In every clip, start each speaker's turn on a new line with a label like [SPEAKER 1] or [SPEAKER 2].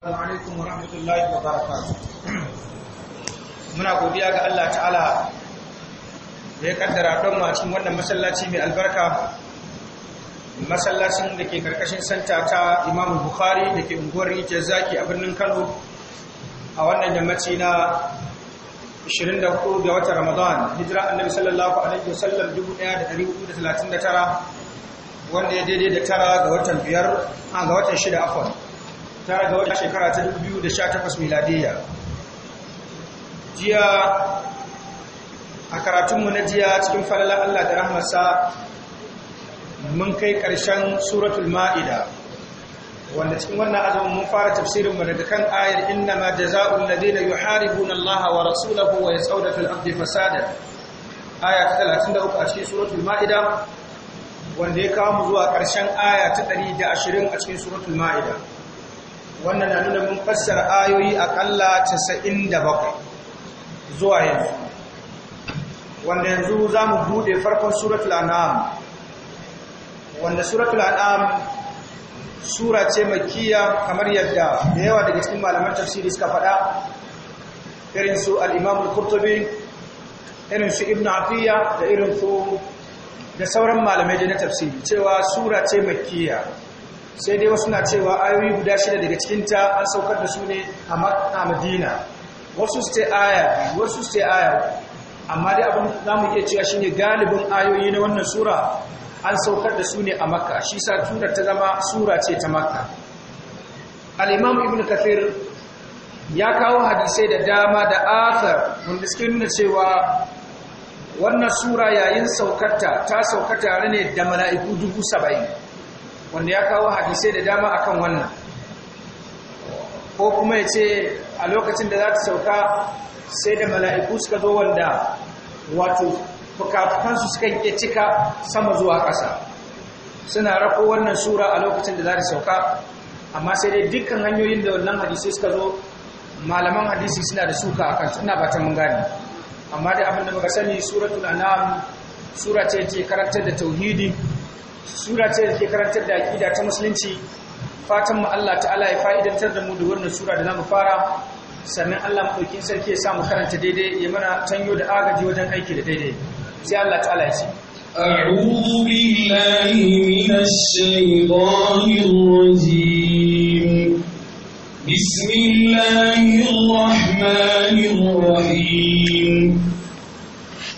[SPEAKER 1] Assalamu alaikum wa rahmatullahi wa barakatuh. Muna godiya ga Allah ta'ala da ya kaddara don cikin wannan masallaci mai albarka, masallacin da ke karkashin santa ta Imam Bukhari da ke unguwar Rijiyar Zaki a birnin Kano a wannan yammaci na 24 ga watan Ramadan, hijira annabi sallallahu alaihi wasallam 1439 wanda ya daidai da tara ga watan biyar, a ga watan shida afwan. tara ga wata shekara ta 2018 miladiyya jiya a karatunmu na jiya cikin falalar Allah da rahmasa mun kai ƙarshen suratul ma'ida wanda cikin wannan azumin mun fara tafsirin mu daga kan ayar inna ma jazaa'ul ladina yuharibuna Allah wa rasulahu wa yas'una fil ardi fasada aya ta 33 a cikin suratul ma'ida wanda ya kawo mu zuwa ƙarshen aya ta 120 a cikin suratul ma'ida wannan na nuna mun fassara ayoyi akalla 97 zuwa yanzu wanda yanzu za mu bude farkon suratul an'am wanda suratul an'am sura ce makiya kamar yadda da yawa daga cikin malaman tafsiri suka faɗa irin su al-imam al-qurtubi irin su ibn afiya da irin su da sauran malamai da na tafsiri cewa sura ce makiya sai dai wasu na cewa ayoyi guda shida daga cikinta an saukar da su ne a madina wasu su aya wasu su aya amma dai abin za mu iya cewa shine galibin ayoyi na wannan sura an saukar da su ne a makka shi sa turar ta zama sura ce ta makka alimam ibn kathir ya kawo hadisai da dama da athar wanda suke nuna cewa wannan sura yayin saukarta ta sauka tare ne da mala'iku dubu saba'in wanda ya kawo hadisai da dama akan wannan ko kuma ya ce a lokacin da za ta sauka sai da mala'iku suka zo wanda wato fukafukansu suka ke cika sama zuwa ƙasa suna rako wannan sura a lokacin da za ta sauka amma sai dai dukkan hanyoyin da wannan hadisai suka zo malaman hadisi suna da suka a kansu ina batan mun gane amma dai abin da muka sani suratul anam sura ce ce karantar da tauhidi sura ce da ke karantar da aƙida ta musulunci fatan mu Allah ta'ala ya fa'idantar da mu da wannan sura da mu fara sannan Allah mu dauki sarki ya sa mu karanta daidai ya mana tanyo da agaji wajen aiki da daidai sai Allah ta'ala ya ce أعوذ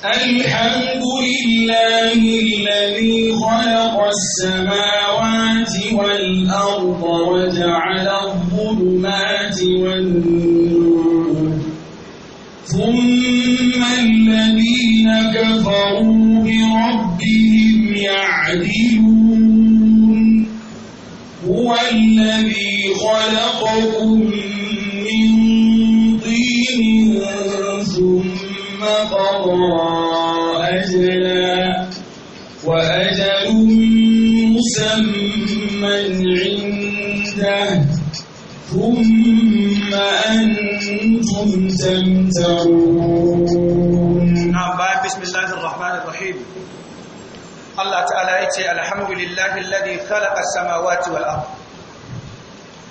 [SPEAKER 2] الحمد لله الذي خلق السماوات والأرض وجعل الظلمات والنور ثم الذين كفروا بربهم يعدلون هو الذي خلقكم
[SPEAKER 1] تمترون نعم بعد بسم الله الرحمن الرحيم الله تعالى يتي الحمد لله الذي خلق السماوات والأرض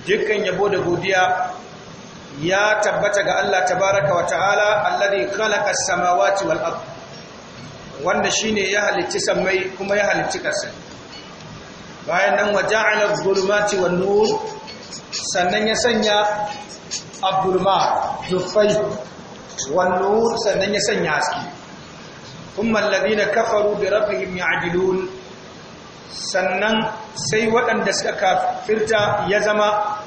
[SPEAKER 1] dukkan يبود da يا ya الله تبارك وتعالى الذي خلق السماوات والأرض wanda shine ya halicci sammai kuma ya halicci ƙasa bayan nan waja'ala adh-dhulumati wan nur sannan ya sanya abdulma dufai wannan sannan ya sanya haske kuma na kafaru da rabbihim ya'dilun sannan sai waɗanda suka kafirta ya zama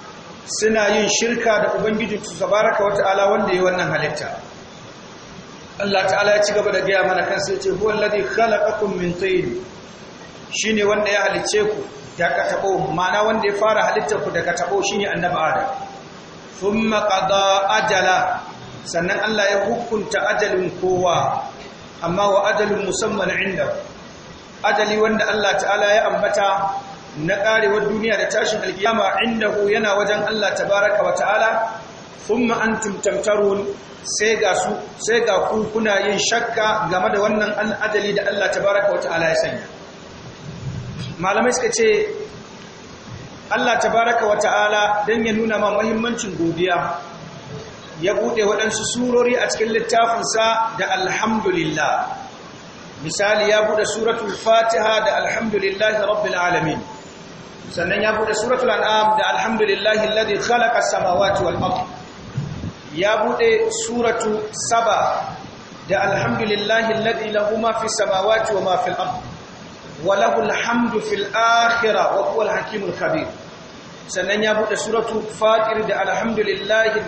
[SPEAKER 1] suna yin shirka da ubangijinsu tabaraka wata'ala wanda ya wannan halitta Allah ta'ala ya ci gaba da gaya mana kansa yace ce huwa alladhi khalaqakum min tin shine wanda ya halice ku daga tabo ma'ana wanda ya fara halittar ku daga tabo shine annabi adam thumma qada ajala sannan Allah ya hukunta ajalin kowa amma wa ajalin musamman inda ajali wanda Allah ta'ala ya ambata na karewar duniya da tashin alkiyama indahu yana wajen Allah tabaraka wa ta'ala thumma antum tamtarun sai ga su sai ga ku kuna yin shakka game da wannan ajali da Allah tabaraka wa ta'ala ya sanya malamai suka ce Allah tabaraka wa ta'ala dan ya nuna ma muhimmancin godiya ya bude waɗansu surori a cikin littafinsa da alhamdulillah misali ya bude suratul fatiha da alhamdulillahi rabbil alamin sannan ya bude suratul an'am da alhamdulillahi alladhi khalaqa as-samawati wal ard ya bude suratu saba da alhamdulillahi alladhi lahu ma fi samawati wa ma fil ard وله الحمد في الآخرة وهو الحكيم الخبير sannan ya buɗe suratu faƙir da alhamdulillahi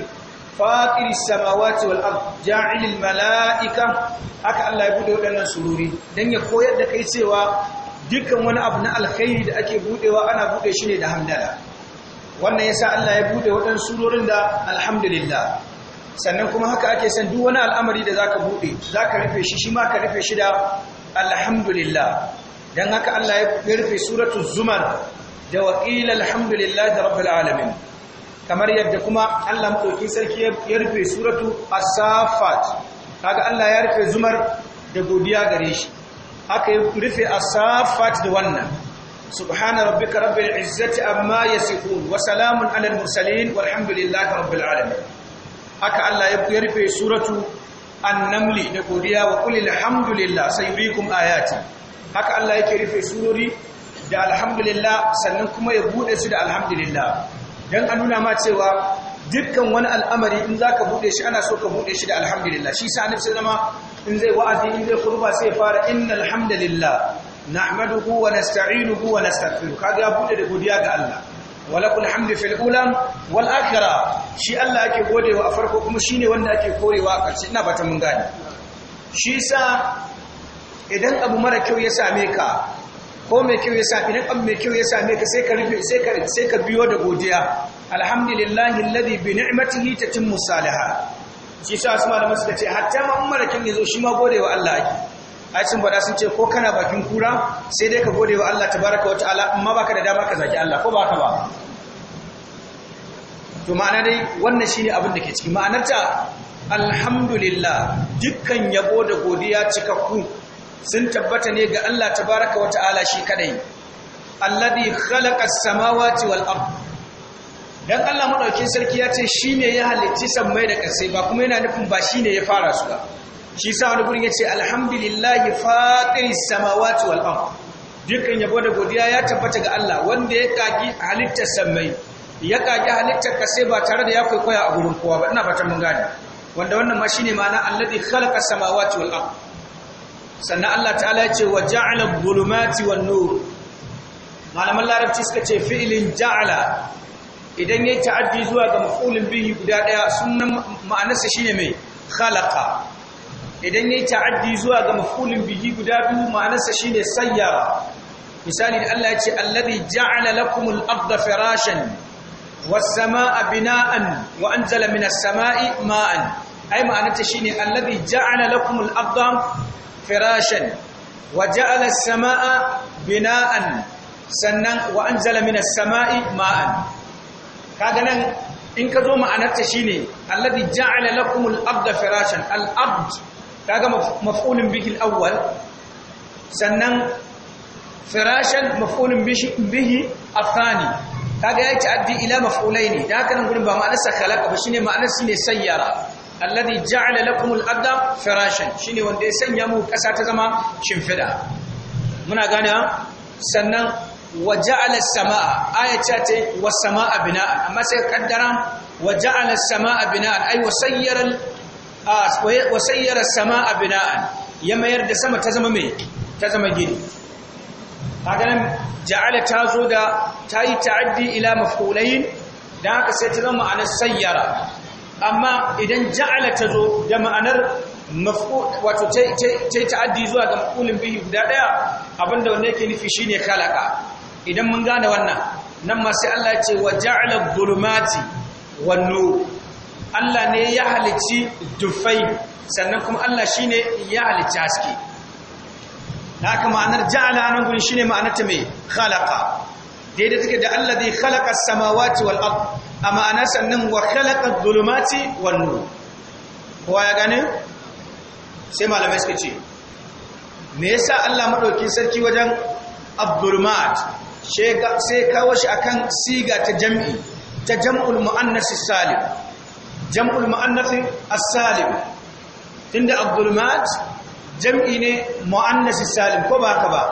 [SPEAKER 1] faƙir samawati wal ard ja'ilil mala'ika haka Allah ya buɗe waɗannan sururi dan ya koyar da kai cewa dukkan wani abu na alkhairi da ake buɗewa ana buɗe shi ne da hamdala wannan yasa Allah ya buɗe waɗannan surorin da alhamdulillah sannan kuma haka ake san duk wani al'amari da zaka buɗe zaka rufe shi shi ma ka rufe shi da alhamdulillah dan haka Allah ya rufe suratul zumar da waqila alhamdulillahi rabbil alamin kamar yadda kuma Allah madaukin sarki ya rufe suratu asafat. kaga Allah ya rufe zumar da godiya gare shi haka ya rufe asafat da wannan subhana rabbika rabbil izzati amma yasifun wa salamun alal mursalin walhamdulillahi rabbil alamin haka Allah ya rufe suratu annamli da godiya wa qul alhamdulillah sayuriikum ayati haka Allah yake rufe surori da alhamdulillah sannan kuma ya bude su da alhamdulillah dan a nuna ma cewa dukkan wani al'amari in zaka bude shi ana so ka bude shi da alhamdulillah shi sa annabi sallama in zai wa'azi in zai kurba sai fara innal hamdalillah nahmaduhu wa nasta'inuhu wa nastaghfiruh kaga ya bude da godiya ga Allah walakul hamdu fil ula wal shi Allah ake godewa a farko kuma shine wanda ake korewa a ƙarshe ina bata mun gane shi sa idan abu mara kyau ya same ka ko mai kyau ya same idan abu mai kyau ya same ka sai ka rufe sai ka sai ka biyo da godiya alhamdulillahi alladhi bi ni'matihi tatimmu salaha shi sa asma da suka ce hatta ma mara kyau yazo shi ma gode wa Allah ake ai sun faɗa sun ce ko kana bakin kura sai dai ka gode wa Allah tabaraka wa ta'ala amma baka da dama ka zaki Allah ko baka ba to ma'ana dai wannan shine abin da ke ciki ma'anarta alhamdulillah dukkan yabo da godiya cikakku sun tabbata ne ga Allah tabaraka wa ta'ala shi kadai alladhi khalaqa as-samawati wal ard dan Allah madaukin sarki ya ce shine ya halicci sammai da ƙasai ba kuma yana nufin ba shine ya fara su ba shi sa wani gurin yace alhamdulillahi fatiris samawati wal ard dukkan yabo da godiya ya tabbata ga Allah wanda ya kaji halittar sammai ya kaji halittar ƙasai ba tare da ya kwaikwaya a gurin kowa ba ina fatan mun gane wanda wannan ma shine ma'ana alladhi khalaqa as-samawati wal ard sannan Allah ta'ala ya ce wa ja'ala dhulumati wan nur malaman larabci suka ce fi'ilin ja'ala idan yayi ta'addi zuwa ga maf'ulin bihi guda ɗaya, sunan ma'anarsa shine mai khalaqa idan yayi ta'addi zuwa ga maf'ulin bihi guda biyu ma'anarsa shine sayyara misali da Allah ya ce alladhi ja'ala lakumul arda firashan was samaa bina'an wa anzala minas samai ma'an ai ma'anarta shine alladhi ja'ala lakumul arda firashan wa ja'ala as-samaa bina'an sannan wa anzala minas samai ma'an kaga nan in ka zo ma'anarta shine alladhi ja'ala lakumul abda firashan al-abd kaga maf'ulun bihi al-awwal sannan firashan maf'ulun bihi athani kaga ya ta'addi ila maf'ulaini da haka nan gurin ba ma'anarsa khalaqa ba shine ma'anar shine sayyara alladhi ja'ala lakum al-ardha firashan shine wanda ya sanya mu kasa ta zama shimfida muna gane sannan wa ja'ala as-samaa ayata ce wa samaa bina'a amma sai kaddara wa ja'ala as-samaa bina'a ay wa sayyara wa sayyara as-samaa bina'a ya mayar da sama ta zama me ta zama gini haganan ja'ala ta zo da ta yi ta'addi ila mafulayin da haka sai ta zama ma'anar sayyara amma idan ja'ala ta zo da ma'anar maf'ul wato ta ta'addi zuwa ga maf'ulin bihi guda daya abinda wanda yake nufi shine khalaqa idan mun gane wannan nan ma sai Allah ya ce wa ja'ala dhulumati wan nur Allah ne ya halici dufai sannan kuma Allah shine ya halici haske haka ma'anar ja'ala nan gurin shine ma'anar ta mai khalaqa daidai take da Allah zai khalaqa samawati wal ardh a ma'anar sannan wa khalaqa dhulumati wan kowa ya gane sai malamai suka ce me yasa Allah maɗauki sarki wajen abdulmat sai kawo shi akan siga ta jam'i ta jam'ul mu'annas salim jam'ul mu'annas as-salim tunda abdulmat jam'i ne mu'annasi salim ko ba ka ba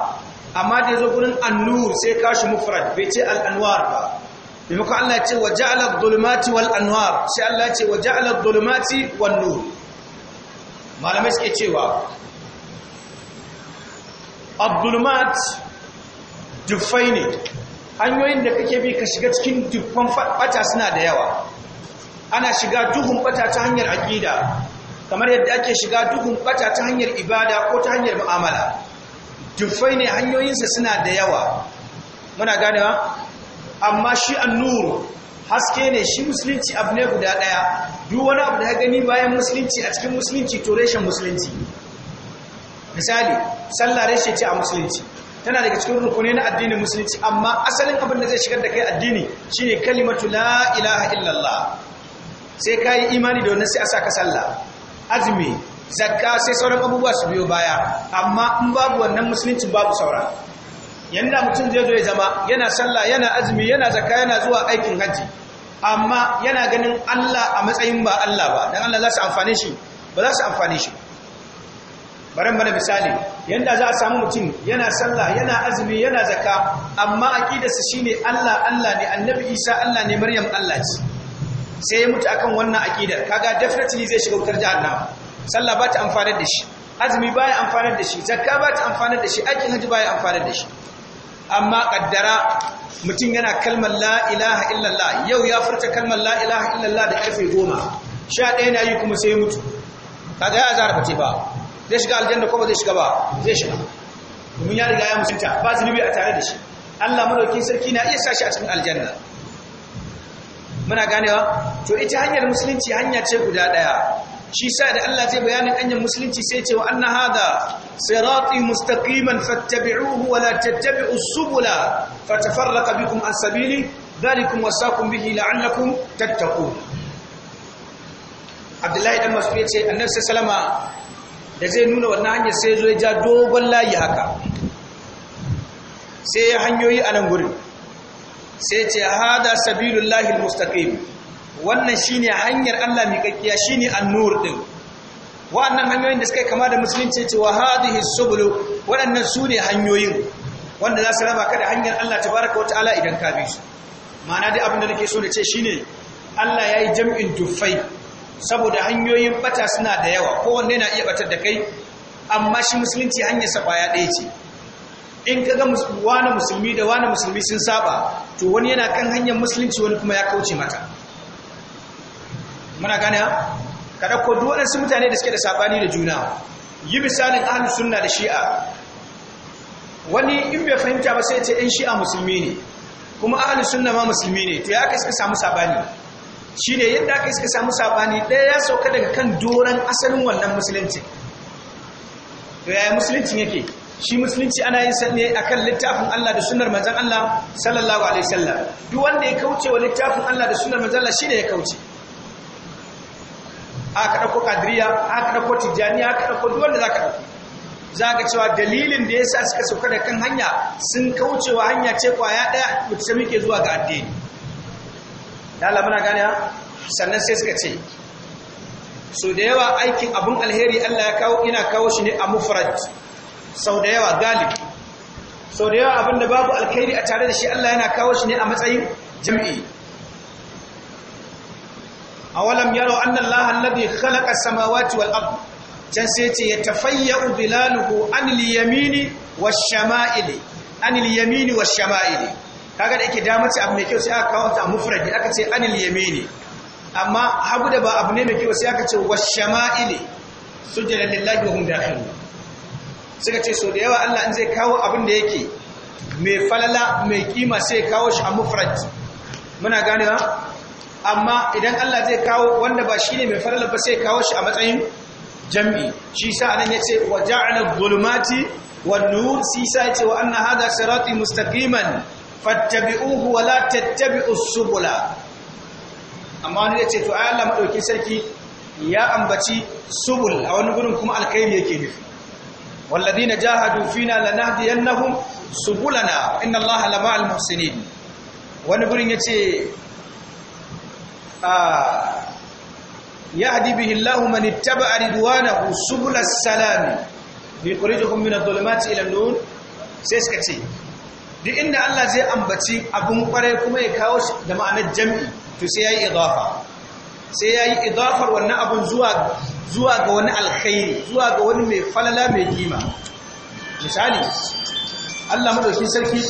[SPEAKER 1] amma da yazo gurin gudun sai kashi mufrad bai ce Al'anwar ba bimako Allah ce wa ja'alar adh wal anwar sai Allah ce wa ja'alar adh wal malamai suke cewa Abdulmat dufai ne hanyoyin da kake bi ka shiga cikin dufan bata suna da yawa ana shiga duhun bata ta hanyar aƙida. kamar yadda ake shiga duhun bata ta hanyar ibada ko ta hanyar ma'amala. dufai ne hanyoyinsa suna da yawa muna ganewa amma shi annur haske ne shi musulunci abu ne guda ɗaya duk wani abu da ya gani bayan musulunci a cikin musulunci to reshen musulunci misali sallah reshe ce a musulunci tana daga cikin rukuni na addinin musulunci amma asalin abin da zai shigar da kai addini shine kalimatu la ilaha illallah sai ka yi imani da wannan sai a saka sallah azumi zakka sai sauran abubuwa su biyo baya amma in babu wannan musulunci babu sauran. yanda mutum zai zo ya zama yana sallah yana azumi yana zakka yana zuwa aikin hajji amma yana ganin Allah a matsayin ba Allah ba dan Allah za su amfane shi ba za su amfane shi baran bana misali yanda za a samu mutum yana sallah yana azumi yana zakka amma aqidarsa shine Allah Allah ne annabi Isa Allah ne Maryam Allah ce sai ya mutu akan wannan aqidar kaga definitely zai shiga wutar jahannama sallah ba ta amfanar da shi azumi ya amfanar da shi zakka ba ta amfanar da shi aikin hajji ya amfanar da shi amma kaddara mutum yana kalmar la ilaha illallah yau ya furta kalmar la ilaha illallah da karfe goma sha ɗaya na yi kuma sai mutu kaga ya zara bace ba zai shiga aljanna ko ba zai shiga ba zai shiga domin ya riga ya musulta ba zunubi a tare da shi Allah madaukin sarki na iya sashi a cikin aljanna muna ganewa to ita hanyar musulunci hanya ce guda ɗaya shi sa da Allah zai bayanin anyan musulunci sai ce wa anna hada sirati mustaqiman fattabi'uhu wa la tattabi'us subula fatafarraqa bikum an sabili dhalikum wasaqum bihi la'allakum tattaqun Abdullahi dan Mas'ud ya ce Annabi sallama da zai nuna wannan hanyar sai zo ya ja dogon layi haka sai ya hanyoyi a nan gurin sai ce hada sabilullahi almustaqim wannan shine hanyar Allah miƙaƙiya shine an-nur din wa'annan hanyoyin da suka kama da musulunci cewa hadhihi subulu waɗannan su ne hanyoyin wanda za su raba ka da hanyar Allah baraka wata ta'ala idan ka bi su ma'ana dai abin da nake so da ce shine Allah yayi jam'in tufai saboda hanyoyin bata suna da yawa kowanne na iya batar da kai amma shi musulunci hanyar sa baya ɗaya ce in ka ga wani musulmi da wani musulmi sun saba to wani yana kan hanyar musulunci wani kuma ya kauce mata muna gane ka ɗauko duk waɗansu mutane da suke da saɓani da juna yi misalin ahlus sunna da shi'a wani in bai fahimta ba sai ce ɗan shi'a musulmi ne kuma ahlus sunna ma musulmi ne to ya ka iska samu saɓani shine yadda aka iska samu saɓani ɗaya ya sauka daga kan doron asalin wannan musulunci to yaya musulunci yake shi musulunci ana yin sa ne akan littafin Allah da sunnar manzon Allah sallallahu alaihi wasallam duk wanda ya kauce wa littafin Allah da sunnar manzon Allah shine ya kauce aka ɗauko kadiriya aka ɗauko tijjani aka ɗauko duk wanda za ka ɗauko za ka cewa dalilin da ya sa suka sauka da kan hanya sun kaucewa hanya ce kwaya ɗaya mutu sami ke zuwa ga addini ya lamuna gane sannan sai suka ce so da yawa aikin abun alheri Allah ya kawo ina kawo shi ne a mufrad sau da yawa sau da yawa abin da babu alheri a tare da shi Allah yana kawo shi ne a matsayin jam'i awalam yaro anna laha alladhi khalaqa samawati wal ard can sai ce yatafayyu bilaluhu anil yamini wash-shama'ili anil yamini wash-shama'ili kaga da yake da mace abu mai kyau sai aka kawo ta mufradi aka ce anil yamini amma hagu da ba abu ne mai kyau sai aka ce wash-shama'ili sujjada lillahi wa hum dakhilun suka ce so da yawa Allah in zai kawo abin da yake mai falala mai kima sai kawo shi a mufradi muna ganewa amma idan Allah zai kawo wanda ba shine mai farala ba sai kawo shi a matsayin jam'i shi sa anan yace wa ja'ala dhulumati wan nur shi sa yace wa anna hadha sirati mustaqiman fattabi'uhu wa la tattabi'us subula amma wani yace to ai Allah madauki sarki ya ambaci subul a wani gurin kuma alkhairi yake nufi والذين جاهدوا فينا لنهدينهم inna وان lama لمع المحسنين wani gurin yace يهدي به الله من اتبع رضوانه سبل السلام ليخرجهم من الظلمات الى النور sai suka ce duk inda Allah zai ambaci abun kwarai kuma ya kawo shi da ma'anar jam'i to sai yayi idafa sai yayi abun zuwa zuwa ga wani alkhairi zuwa ga wani mai falala mai kima misali Allah madaukakin sarki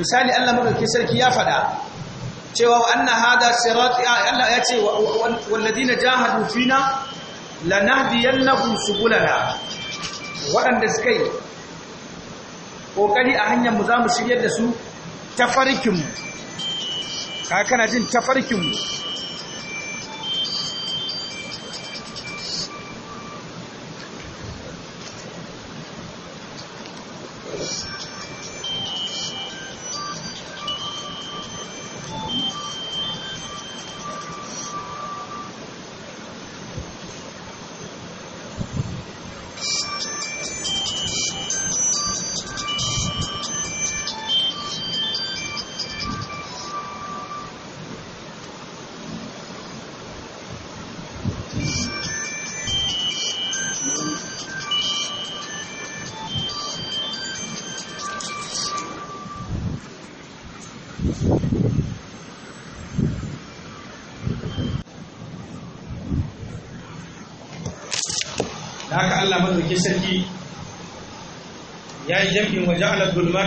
[SPEAKER 1] misali Allah madaukakin sarki ya faɗa cewa wa anna hada sirati Allah ya ce walladina jahadu fina lanahdiyannahum subulana waɗanda suka yi kokari a hanyar mu zamu shiryar da su tafarkin mu ka kana jin tafarkin mu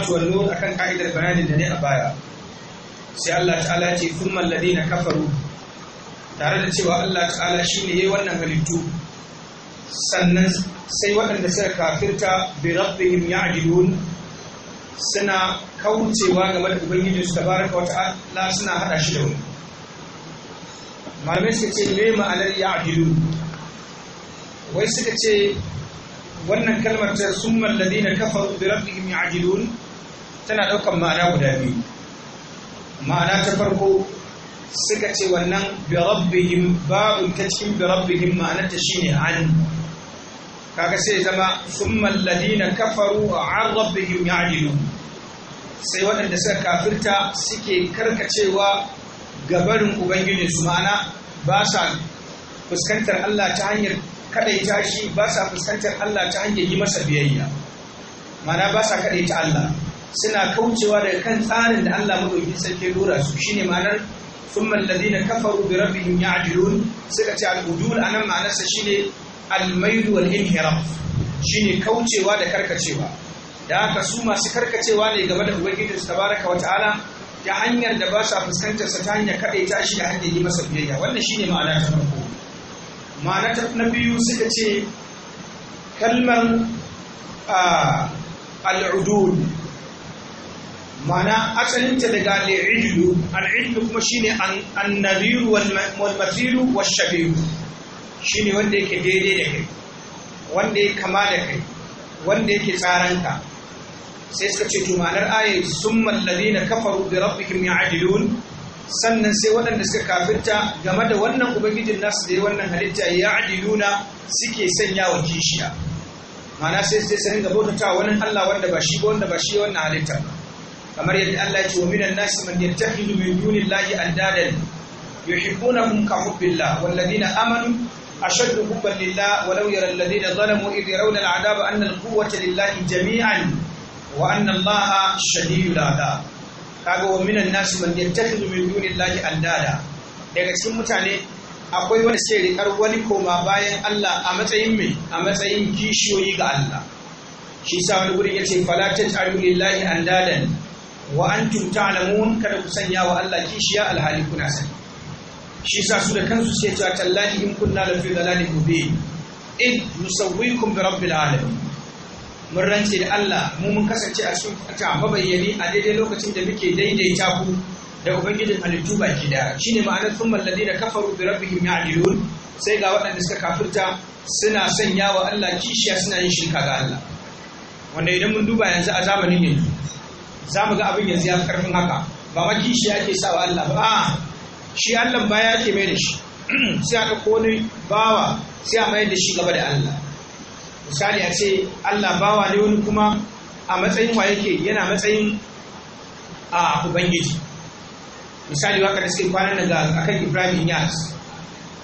[SPEAKER 1] zulumatu wan nur akan ka'idar bayanin da ne a baya sai Allah ta'ala ce thumma alladhina kafaru tare da cewa Allah ta'ala shi ne yayi wannan halittu sannan sai waɗanda suka kafirta bi rabbihim ya'dilun suna kaucewa game da ubangiji su tabaraka wata'ala suna hada shi da wani malamai suka ce me ma'anar ya'dilun wai suka ce wannan kalmar ta summan ladina kafaru bi rabbihim ya'dilun tana ɗaukan ma'ana guda biyu ma'ana ta farko suka ce wannan birabbihim ba'u ta cikin birabbihim ta shine an kaga sai zama thumma alladhina kafaru an rabbihim ya'dilun sai waɗanda suka kafirta suke karkacewa gabarin su ma'ana ba sa fuskantar Allah ta hanyar kadaita shi ba sa fuskantar Allah ta hanyar yi masa biyayya ma'ana ba sa ta Allah suna kaucewa daga kan tsarin da Allah madaukakin sarki dora su shine ma'anar thumma na kafaru bi rabbihim ya'dilun suka ce al-udul anan ma'anarsa shine al wal inhiraf shine kaucewa da karkacewa da haka su masu karkacewa ne game da ubangiji tabaraka wa ta'ala ta hanyar da ba sa fuskantar sa ta hanyar kadaita shi da hanyar yi masa biyayya wannan shine ma'ana ta farko ma'ana ta na biyu suka ce kalmar ah, al ma'ana asalinta daga al'illu al'illu kuma shine annabiru wal mathilu wash shabiru shine wanda yake daidai da kai wanda ya kama da kai wanda yake tsaranka sai suka ce tumanar ayat summal ladina kafaru bi rabbihim ya'dilun sannan sai waɗanda suka kafirta game da wannan ubangijin nasu da wannan halitta ya adiluna suke sanya wa kishiya mana sai sai sanin gaba ta wani Allah wanda ba shi ba wanda ba shi wannan halitta ba kamar yadda Allah ya ce wa minan nasi man yattakhidu min dunillahi andadan yuhibbunahum ka hubbillah wal ladina amanu ashaddu hubban lillah walau yara alladhina zalamu idh yarawna al'adaba anna al lillahi jami'an wa anna Allaha shadidul adab kaga wa minan nasi man yattakhidu min dunillahi andada daga cikin mutane akwai wani sai rikar wani koma bayan Allah a matsayin mai a matsayin kishiyoyi ga Allah shi sa wani gurin yace fala taj'alu lillahi andadan wa antum ta'lamun kada ku sanya wa Allah kishiya alhali kuna sani shi yasa su da kansu sai cewa tallahi in kunna la fi dalalin mubin in nusawwikum bi rabbil alamin mun rance da Allah mu mun kasance a cikin ta mabayyani a daidai lokacin da muke daidaita ku da ubangijin halittu baki daya shine ma'anar thumma alladhina kafaru bi rabbihim ya'dilun sai ga waɗanda suka kafirta suna sanya wa Allah kishiya suna yin shirka ga Allah wanda idan mun duba yanzu a zamanin yanzu za mu ga abin yanzu ya karfin haka ba maki shi ake sa wa Allah ba shi Allah baya ke mai da shi sai a ɗauko wani bawa sai a mayar da shi gaba da Allah misali a ce Allah bawa ne wani kuma a matsayin wa yake yana matsayin a ubangiji misali waka da suke kwanan ga akan Ibrahim Yas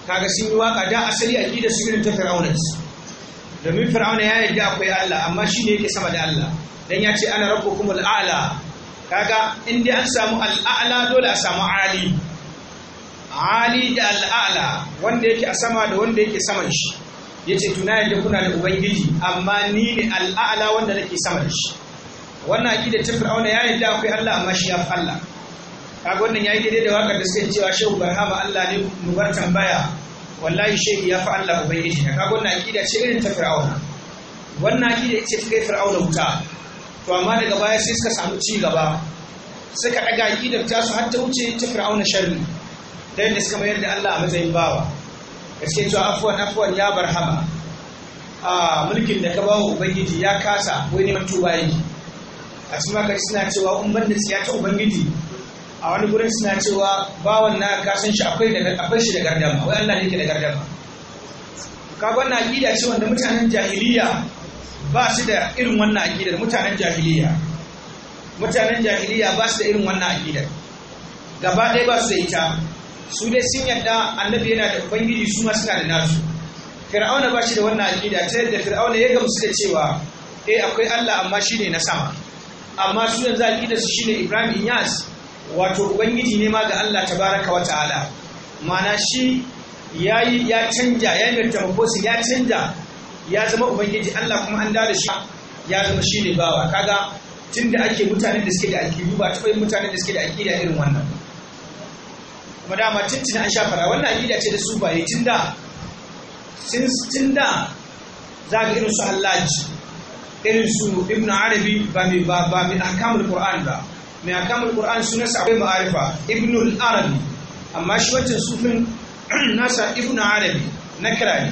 [SPEAKER 1] kaga sun yi waka da asali a gida su irin ta Fir'aunas domin fir'auna ya yarda akwai Allah amma shi ne yake sama da Allah dan ya ce ana kuma al'ala kaga in dai an samu al'ala dole a samu ali ali da al'ala wanda yake a sama da wanda yake saman shi yace tuna yadda kuna da ubangiji amma ni ne al'ala wanda nake sama da shi wannan akida ta fir'auna ya yarda akwai Allah amma shi ya fi Allah kaga wannan yayi daidai da wakar da suke cewa shehu barhama Allah ne mu bar tambaya wallahi shehi ya fi Allah ubangiji ka kaga wannan akida ce irin ta fir'auna wannan akida ce ta kai fir'auna wuta to amma daga baya sai suka samu ci gaba suka daga akidar ta su har ta wuce ta fir'auna sharri da yadda suka mayar da Allah a matsayin bawa gaske cewa afuwan afuwan ya barhama a mulkin da ka bawa ubangiji ya kasa wai neman tuba yake a cikin suna cewa umman da ta ubangiji a wani gurin suna cewa bawan na kasan shi akwai shi da gardama wai Allah ne ke da gardama ka wannan aqida ce wanda mutanen jahiliya ba su da irin wannan aqidar mutanen jahiliya mutanen jahiliya ba su da irin wannan aqidar gaba ɗaya ba su da ita su dai sun yadda annabi yana da ubangiji su ma suna da nasu fir'auna ba shi da wannan aqida ta yadda fir'auna ya gamsu da cewa eh akwai Allah amma shine na sama amma su yanzu aqidar su shine Ibrahim Iyas wato ubangiji ne ma ga Allah tabaraka wa ta'ala mana shi ya yi ya canja ya yi metamorphosis ya canja ya zama ubangiji Allah kuma an da shi ya zama shi ne bawa kaga tunda ake mutanen da suke da akidu ba tafai mutane mutanen da suke da akida irin wannan kuma da ma tuntuna an sha fara wannan akida ce da su yi tunda sun tunda za ga irin su ji irin su ibn arabi ba mai ahkamul qur'an ba mai akamul ƙoran suna akwai ma'arifa ibnul arabi amma shi wancan sufin nasa ibn arabi na kirari.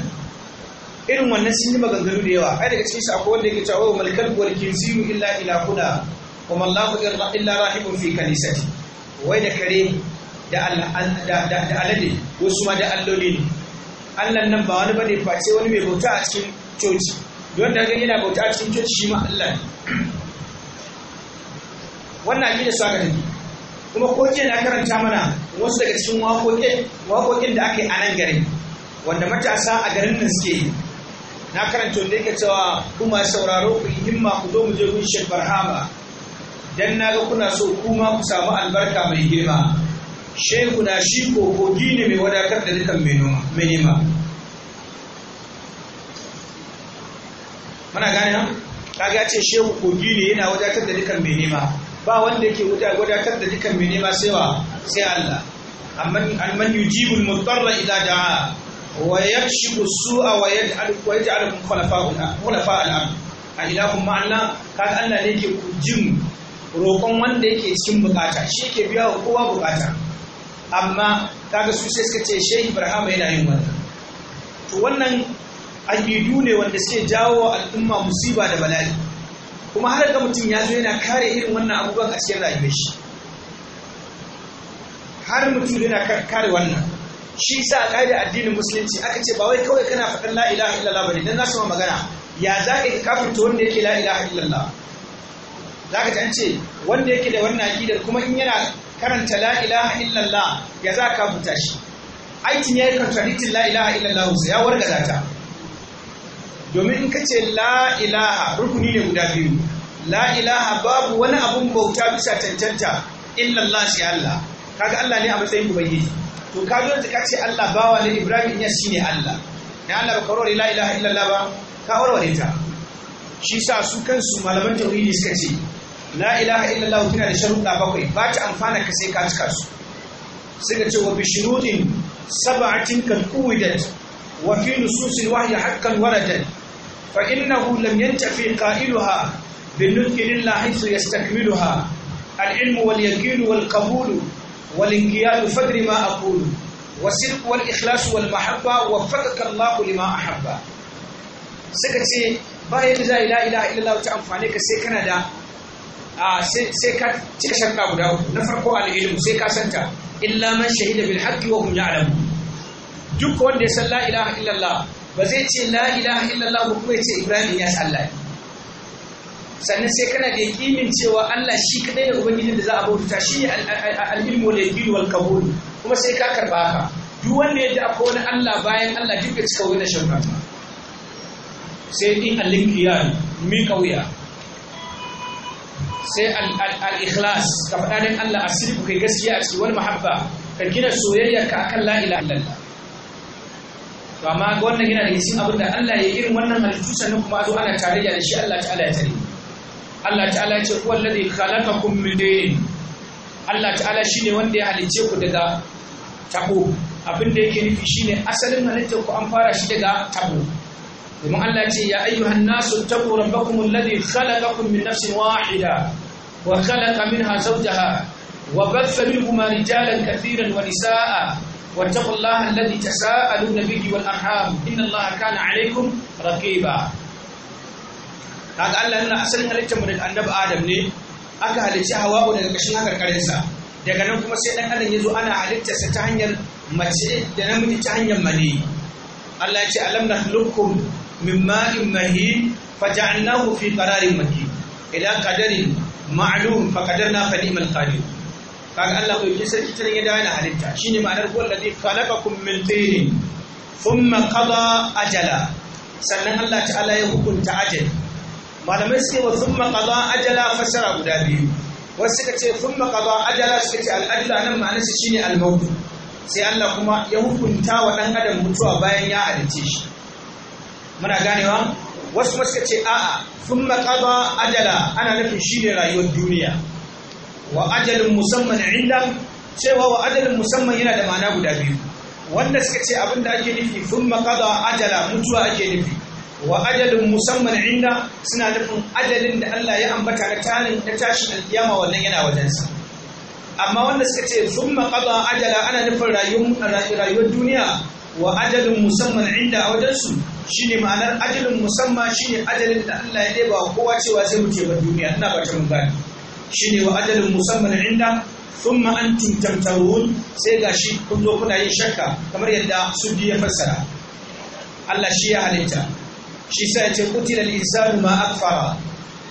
[SPEAKER 1] irin wannan sun yi maganganu da yawa ai daga cikin su akwai wanda yake cewa oh, wa malikal wal zinu illa ilahuna wa mallahu illa rahibun fi kanisati wai da kare da alade wasu ma da alloli ne Allah nan ba wani bane face wani mai bauta a cikin coci don da gani yana bauta a cikin coci shi ma Allah ne wannan aƙida su aka tafi kuma ko na karanta mana wasu daga cikin waƙoƙin da aka yi a nan gari. wanda matasa a garin nan suke yi na karanta wanda yake cewa kuma sauraro ku yi himma ku zo mu je gun Sheikh Barhama dan ga kuna so kuma ku samu albarka mai girma shehu na shi ko kogi ne mai wadatar da dukan mai nema mana gane nan kaga ya ce shehu kogi ne yana wadatar da dukan mai nema ba wanda yake wadatar da dukkan mai nema sai wa sai Allah amman yujibul mutarra idza da'a wa yakshifu su'a wa yaj'al wa yaj'al khulafa'una khulafa al-ard a ilahum ma'alla kaga Allah ne yake kujin roƙon wanda yake cikin bukata shi yake biya wa kowa bukata amma kaga su sai suka ce shehu Ibrahim yana yin wannan to wannan aqidu ne wanda suke jawo al'umma musiba da bala'i kuma har ga mutum ya zo yana kare irin wannan abubuwan a cikin rayuwar shi har mutum yana kare wannan shi sa a ƙa'idar addinin musulunci aka ce ba wai kawai kana faɗin la ilaha illallah bane dan nasu magana ya za ka kafirta wanda yake la ilaha illallah za ka ce wanda yake da wannan aƙidar kuma in yana karanta la ilaha illallah ya za ka kafirta shi aikin ya yi contradicting la ilaha illallah ya wargaza ta domin in ka ce la rukuni ne guda biyu lailaha babu wani abun bauta bisa cancanta illallah shi Allah kaga Allah ne a matsayin ubangiji to ka zo ka ce Allah bawa ne Ibrahim ya ne Allah ne Allah ba karore la ilaha illallah ba ka warware ta shi sa su kansu malaman tauhidi suka ce lailaha ilaha illallah tana da sharuɗa bakwai ba ta amfana ka sai ka cika su suka ce wa bishirudin sab'atin kad quwidat wa fi nususil wahyi haqqan waradat فإنه لم ينتفي قائلها بالنطق إلا حيث يستكملها العلم واليقين والقبول والانقياد فدر ما أقول والصدق والإخلاص والمحبة وفقك الله لما أحب سكتي باي لا إله إلا الله تعالى ka sai kana da sai ka cika shakka guda uku na farko al'ilmu sai ka santa illa man shahida bil haqqi wa hum ya'lamun duk wanda ya san la ilaha illallah ba zai ce la ilaha illallah ba kuma ya ce ibrahim ya Allah sannan sai kana da yakinin cewa Allah shi kadai da ubangijin da za a bauta shi ne al-ilmu wal yaqin wal qabul kuma sai ka karba haka duk wanda ya ji akwai wani Allah bayan Allah duk da cika wani shirka sai din al-inqiyad mi kauya sai al-ikhlas ka faɗa Allah asiri kai gaskiya a cikin wani mahabba ka gina soyayya ka akan la ilaha illallah to amma wannan yana da isin abin da Allah ya irin wannan halittu sannan kuma azo ana tarayya da shi Allah ta'ala ya tare Allah ta'ala ya ce huwa alladhi khalaqakum min tin Allah ta'ala shine wanda ya halice ku daga tabo abin da yake nufi shine asalin halittar ku an fara shi daga tabo domin Allah ce ya ayyuhan nasu taqu rabbakum alladhi khalaqakum min nafsin wahida wa khalaqa minha zawjaha wa bassa minhuma rijalan kathiran wa nisaa واتقوا الله الذي تساءلون به والأرحام إن الله كان عليكم رقيبا kaga Allah yana asalin halittar mu daga annabi Adam ne aka halicci Hawa'u daga kashin haka sa daga nan kuma sai dan adam yazo ana halitta sa ta hanyar mace da namiji ta hanyar mali Allah ya ce alam nakhluqukum min ma'in mahin faja'alnahu fi qararin makin ila qadarin ma'lum faqadarna fa ni'mal qadir kaga Allah bai yi sarki tare ya dawo da halitta shine ma'anar huwa allazi khalaqakum min tin thumma qada ajala sannan Allah ta'ala ya hukunta ajali malamai suke wa thumma qada ajala fasara guda biyu wasu suka ce thumma qada ajala suka ce al-ajala nan ma'anar shi shine al-maut sai Allah kuma ya hukunta wa dan adam mutuwa bayan ya halice shi muna ganewa wasu suka ce a'a thumma qada ajala ana nufin shine rayuwar duniya wa ajalin musamman inda cewa wa ajalin musamman yana da ma'ana guda biyu wanda suka ce abin da ake nufi sun makada ajala mutuwa ake nufi wa ajalin musamman inda suna nufin ajalin da Allah ya ambata na tarin na tashin alkiyama wannan yana wajensa amma wanda suka ce sun makada ajala ana nufin rayuwar duniya wa ajalin musamman inda a wajensu shine ma'anar ajalin musamman shine ajalin da Allah ya ɗeba kowa cewa sai mu ce ba duniya ina ba ta mun gani shine wa ajalin musamman inda thumma antum tamtarun sai gashi kun zo kuna yin shakka kamar yadda suddi ya fassara Allah shi ya halitta shi sa ya ce qutila al-insanu ma akfara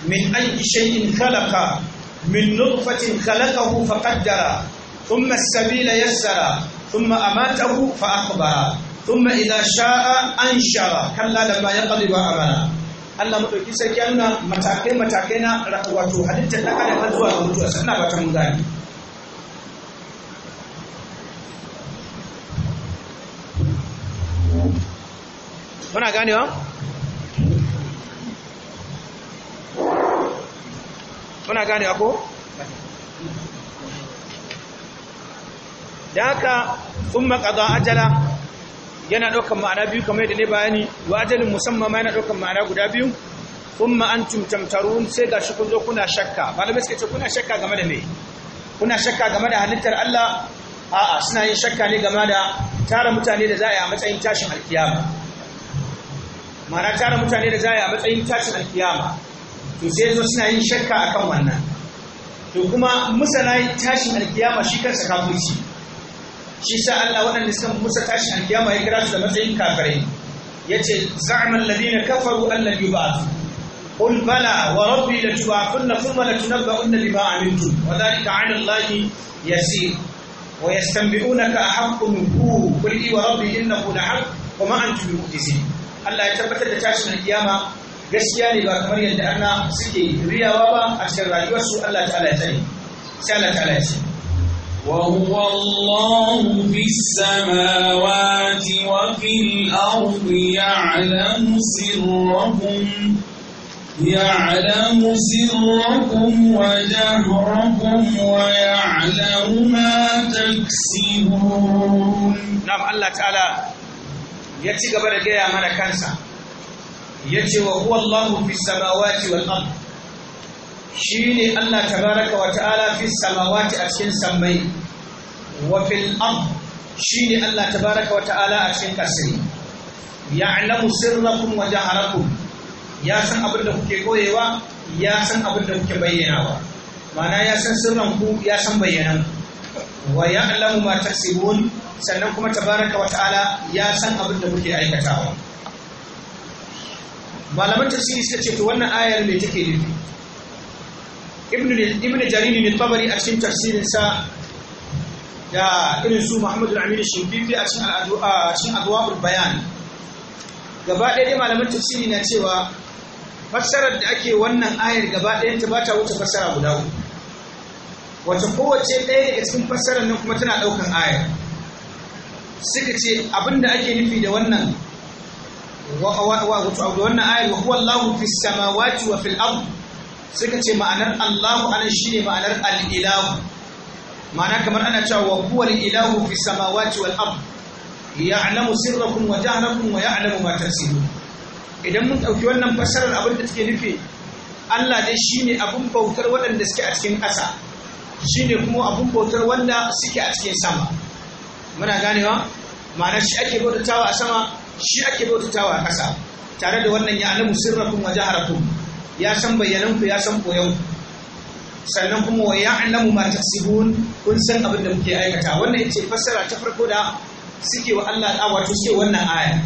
[SPEAKER 1] min ayyi shay'in khalaqa min nutfatin khalaqahu faqaddara thumma as-sabila yassara thumma amatahu fa akhbara thumma idha sha'a anshara kalla lamma yaqdi wa amara Allah madauki sarki ya nuna matakai matakai na wato halittar da kada har zuwa ga mutuwa sannan ba ta mun gani muna ganewa muna ganewa ko da haka sun maƙaza ajala yana ɗaukan ma'ana biyu kamar yadda ne bayani wajalin musamman yana ɗaukan ma'ana guda biyu thumma antum tamtarun sai ga shi kun zo kuna shakka malamai suka ce kuna shakka game da me kuna shakka game da halittar Allah a'a suna yin shakka ne game da tara mutane da za a yi a matsayin tashin alkiyama ma'ana tara mutane da za a yi a matsayin tashin alkiyama to sai zo suna yin shakka akan wannan to kuma musana tashin alkiyama shi kansa kafirci shi sa Allah waɗanda suka musa tashi alkiyama ya kira su da matsayin kafirai yace za'ama alladhina kafaru an lam yub'athu qul bala wa rabbi la tub'athunna thumma la tunabba'unna bima 'amiltum wa dhalika 'ala allahi yasir wa yastanbi'unaka ahaqqun hu qul i wa rabbi innahu lahaq wa ma antum bimu'jizin Allah ya tabbatar da tashin kiyama. gaskiya ne ba kamar yadda ana suke riyawa ba a cikin rayuwarsu Allah ta'ala ya tsare sai Allah ta'ala ya tsare وهو الله في السماوات
[SPEAKER 2] وفي الأرض يعلم سركم يعلم سركم وجهركم
[SPEAKER 1] ويعلم ما تكسبون نعم الله تعالى يتي قبل جاء من كنسا يتي وهو الله في السماوات والأرض Shi ne Allah ta baraka wa ta'ala fi samawati a cikin sammai wa fil shi ne Allah ta baraka wa ta'ala a cikin kasai ya'lamu sirrakum wa harakun, ya san abin da kuke koyewa ya san abin da kuke bayyanawa Mana ya san sirran ku ya san bayyanan wa ya'lamu mata taksibun sannan kuma ta baraka wa ta'ala ya san abin da kuke aikatawa malaman tafsiri suka ce to wannan ayar mai take nufi ibn jariri ne tabari a cikin tafsirinsa da irin su muhammadu al-amini shimbibi a cikin adwa'ul bayan gaba ɗaya dai malaman tafsiri na cewa fassarar da ake wannan ayar gaba ɗayan ta bata ta wuce fassara guda uku wata kowace ɗaya daga cikin fassarar nan kuma tana ɗaukan ayar suka ce abinda ake nufi da wannan Wa da wannan ayar wa huwa Allahu fis samawati wa fil ardh suka ce ma'anar Allahu anan shi ne ma'anar al-ilahu ma'ana kamar ana cewa wa huwa ilahu fi samawati wal abu ard ya'lamu sirrakum wa jahrakum wa ya'lamu ma taksibun idan mun ɗauki wannan fasarar abin da take nufi Allah dai ne abin bautar waɗanda suke a cikin ƙasa ne kuma abin bautar wanda suke a cikin sama muna ganewa ma'ana shi ake bautatawa a sama shi ake bautatawa a ƙasa tare da wannan ya alamu sirrakum wa jaharakum ya san bayyananku ya san koyanku sannan kuma wa ya'lamu ma taksibun kun san abin da muke aikata wannan ce fassara ta farko da suke wa Allah a wato suke wannan aya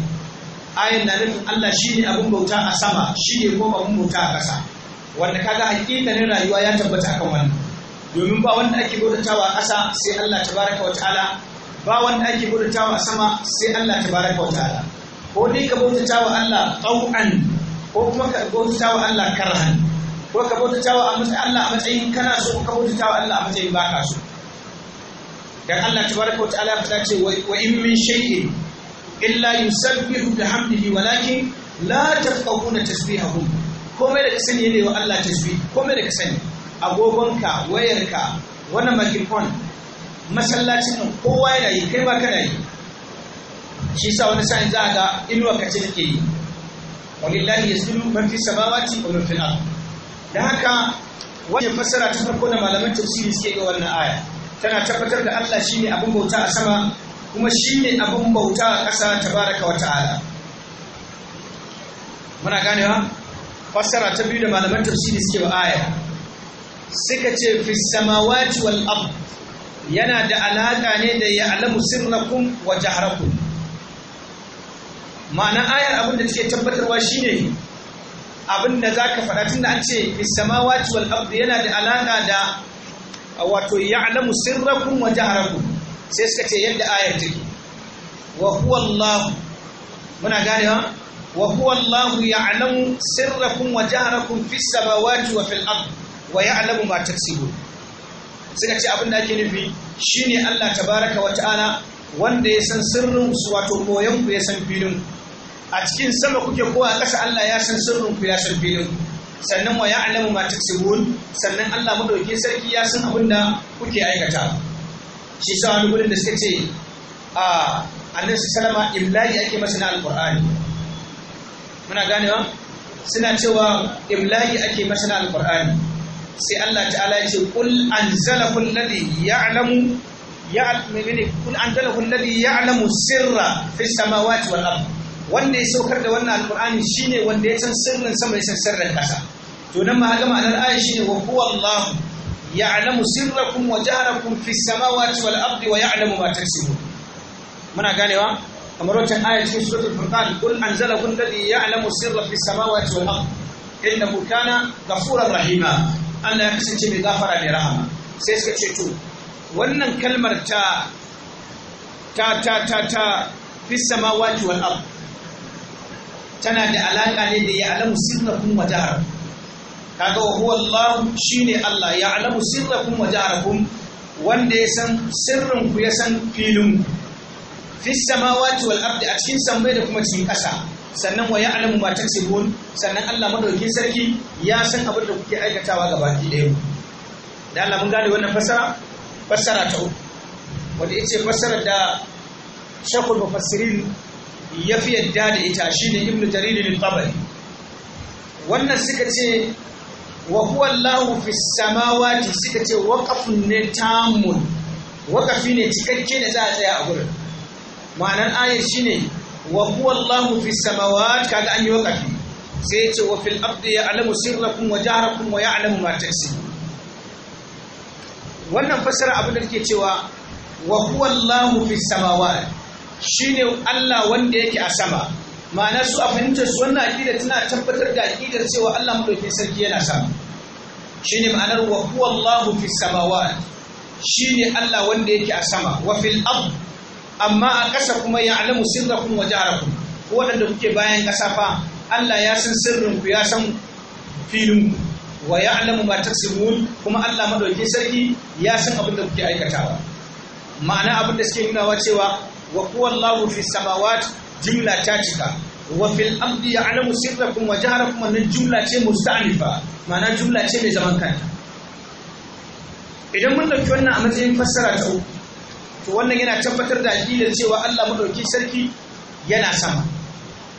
[SPEAKER 1] ayan na nufin Allah shine abin bauta a sama shine kuma abin bauta a ƙasa wanda kaga hakikanin rayuwa ya tabbata kan wannan domin ba wanda ake bautawa a ƙasa sai Allah tabaraka wa ta'ala ba wanda ake bautawa a sama sai Allah tabaraka wa ta'ala ko dai ka bautawa Allah tau'an ko kuma ka bauta wa Allah karhan ko ka bauta wa Allah a matsayin kana so ka bauta wa Allah a matsayin baka so dan Allah tabaraka wa ta'ala ya faɗa ce wa in min shay'in illa yusabbihu bihamdihi walakin la tafqahuna tasbihahum komai da ka sani ne wa Allah tasbih komai da ka sani agogonka wayarka wani microphone masallacin nan kowa yana yi kai ma kana yi shi sa wani sa'in za ka ga inuwa ka ce take yi walillahi yasjudu man fi samawati wa man fil ard dan haka wannan fasara ta farko da malaman tafsiri suke ga wannan aya tana tabbatar da Allah shine abin bauta a sama kuma shine abin bauta a ƙasa tabaraka wa ta'ala muna ganewa fasara ta biyu da malaman tafsiri suke wa aya suka ce fi samawati wal ard yana da alaka ne da ya'lamu sirrakum wa jahrakum Ma'ana ayar abin da take tabbatarwa shine abin da zaka faɗa tunda an ce bis samawati wal ardi yana da alaka da wato ya'lamu sirrakum wa jaharakum sai suka ce yadda ayar take wa huwa Allah muna gane ha wa huwa Allah ya'lamu sirrakum wa jaharakum fis samawati wa fil ardi wa ya'lamu ma taksibun suka ce abin da ake nufi shine Allah tabaraka wa ta'ala wanda ya san sirrin su wato koyon ku ya san filin ku a cikin sama kuke ko a ƙasa Allah ya san sirrin ku ya san filin sannan wa ya ya'lamu ma taksibun sannan Allah madauke sarki ya san abin da kuke aikata shi sa wani gurin da suka ce a annabi Salama imla'i ake masa na alqur'ani muna ganewa suna cewa imla'i ake masa na alqur'ani sai Allah ta'ala ya ce qul anzalahu alladhi ya'lamu ya'lamu qul anzalahu alladhi ya'lamu sirra fis samawati wal ardh wanda ya saukar da wannan Alƙur'ani shine wanda ya san sirrin sama ya san sirrin ƙasa. to nan ma ga ma'anar aya shine wa huwa allah ya'lamu sirrakum wa jahrakum fis samawati wal ardi wa ya'lamu ma taksibun muna ganewa kamar wancan aya cikin suratul furqan qul anzalahu alladhi ya'lamu sirra fis samawati wal ardi innahu kana ghafurar rahima Allah ya kasance mai gafara mai rahama sai suka ce to wannan kalmar ta ta ta ta ta fi samawati wal ard tana da alaƙa ne da ya'lamu kun wa jaharakum kaga wa huwa Allah ne Allah ya'lamu kun wa kun wanda ya san sirrin ku ya san filin fi samawati wal ardi a cikin sammai da kuma cikin ƙasa sannan wa ya alamu ma taksibun sannan Allah madaukin sarki ya san abin da kuke aikatawa gabaki ɗaya da Allah mun gane wannan fassara fassara ta uku wanda yace fassara da shakul mufassirin ya fi yadda da ita shine ibnu jarir al-tabari wannan suka ce wa huwa Allahu fi samawati suka ce waqafun ne tamun waqafi ne cikakke ne za a tsaya a gurin ma'anar ayar ne wa huwa Allahu fi samawati kaga an yi waqafi sai ce wa fil ardi ya'lamu sirrakum wa jahrakum wa ya'lamu ma taksibun wannan fasara abin da take cewa wa huwa Allahu fi samawati Shi ne Allah wanda yake a sama ma'ana su a fahimtar su wannan aqida tana tabbatar da akidar cewa Allah madaukakin sarki yana sama ne ma'anar wa huwa Allahu fi samawat ne Allah wanda yake a sama wa fil ard amma a ƙasa kuma ya ya'lamu sirrakum wa jaharakum ko waɗanda kuke bayan ƙasa fa Allah ya san sirrin ku ya san filin ku wa alamu ma taksimun kuma Allah madaukakin sarki ya san abin da kuke aikatawa ma'ana abin da suke nunawa cewa wa huwa Allahu fi samawati jumla ta cika wa fil amdi ya'lamu sirrakum wa jaharakum wannan jumla ce musta'nifa jumla ce mai zaman kanta idan mun ɗauki wannan a matsayin fassara ta uku to wannan yana tabbatar da aqidar cewa Allah madauki sarki yana sama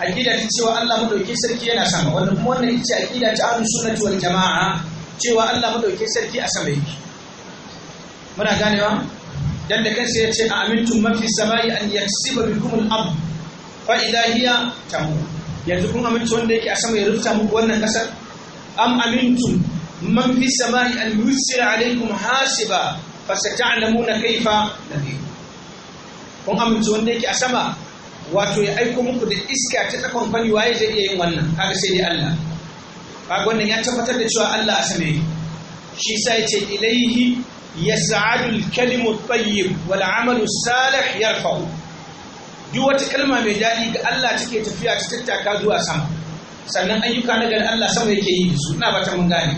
[SPEAKER 1] aqida ta cewa Allah madauki sarki yana sama wannan kuma wannan ita aqida ta ahlus sunnati wal jamaa cewa Allah madauki sarki a sama yake muna ganewa dan da kansa ya ce a amintun mafi samai an yaksiba bikum al-ard al'abu fa’ida hiya tamu yanzu kun aminta wanda yake a sama ya rufta muku wannan ƙasar? am amintum man fi samai an yusira alaikum hasiba fa na biyu. kun aminta wanda yake a sama wato ya aiko muku da iska ta tsakon fani waye zai iya yin wannan kaga sai dai Allah kaga wannan ya tabbatar da cewa Allah a shi sa ce ilaihi يسعد الكلم الطيب والعمل الصالح يرفع duk wata kalma mai daɗi ga Allah take tafiya ta tattaka zuwa sama sannan ayyuka na gari Allah sama yake yi da su ina ba ta mun gane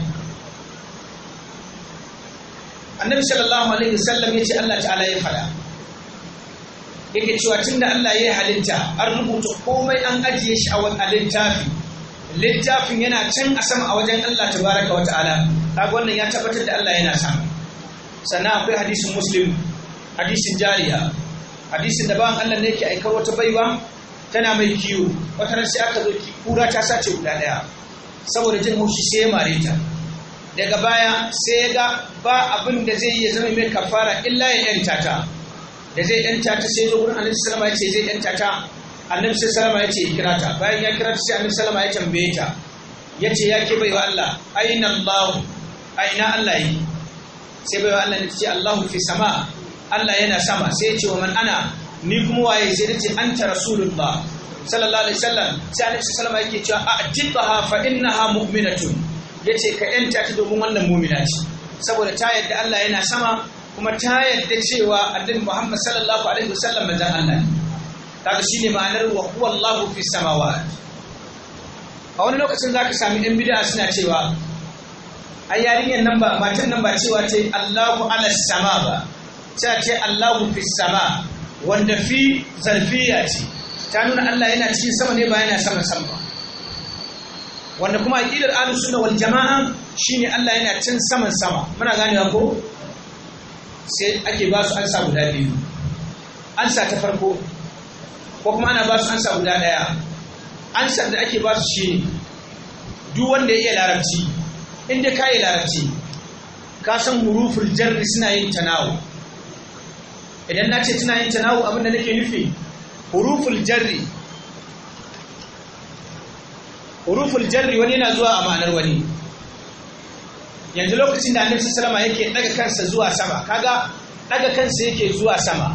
[SPEAKER 1] annabi sallallahu alaihi wasallam yace Allah ta'ala ya fada yake cewa tunda Allah ya halitta an rubuta komai an ajiye shi a wani littafi littafin yana can a sama a wajen Allah tabaraka wa ta'ala kaga wannan ya tabbatar da Allah yana sama sannan akwai hadisin muslim hadisin jariya hadisin da ba Allah ne ke aikar wata baiwa tana mai kiwo wata sai aka zo kura ta sace guda daya saboda jin haushi sai ya mare ta daga baya sai ya ga ba abin da zai iya zama mai kafara illa ya yanta ta da zai yanta ta sai zo gurin annabi sallama ya ce zai yanta ta annabi sallama ya ce ya kira ta bayan ya kira ta sai annabi sallama ya tambaye ta yace ce ya ke baiwa Allah aina Allah aina Allah yi sai baiwa Allah ne ce Allahu fi sama Allah yana sama sai ya ce wa man ana ni kuma waye sai ce anta rasulullah sallallahu alaihi wasallam sai Annabi sallallahu yake cewa a'tiqaha fa innaha mu'minatun yace ka yanta ta domin wannan mu'mina ce saboda ta yadda Allah yana sama kuma ta yadda cewa addin Muhammad sallallahu alaihi wasallam manzon Allah ne kaga shine ma'anar wa huwa Allahu fi samawati a wani lokacin zaka sami ɗan bid'a suna cewa ai yarinyar nan ba matan nan ba cewa ce Allahu ala sama ba cewa ce Allahu fi sama wanda fi zarfiya ce ta nuna Allah yana cikin sama ne ba yana sama sama wanda kuma aqidar ahlus sunna wal jamaa shine Allah yana cin saman sama muna ganewa ko sai ake ba su ansa guda biyu ansa ta farko ko kuma ana ba su ansa guda daya ansar da ake ba su shine duk wanda ya iya larabci inda ka yi larabci ka san huruful jarri suna yin tanawu idan na ce suna yin tanawu abin da nake nufi huruful jarri huruful jarri wani yana zuwa a ma'anar wani yanzu lokacin da annabi sallama yake daga kansa zuwa sama kaga daga kansa yake zuwa sama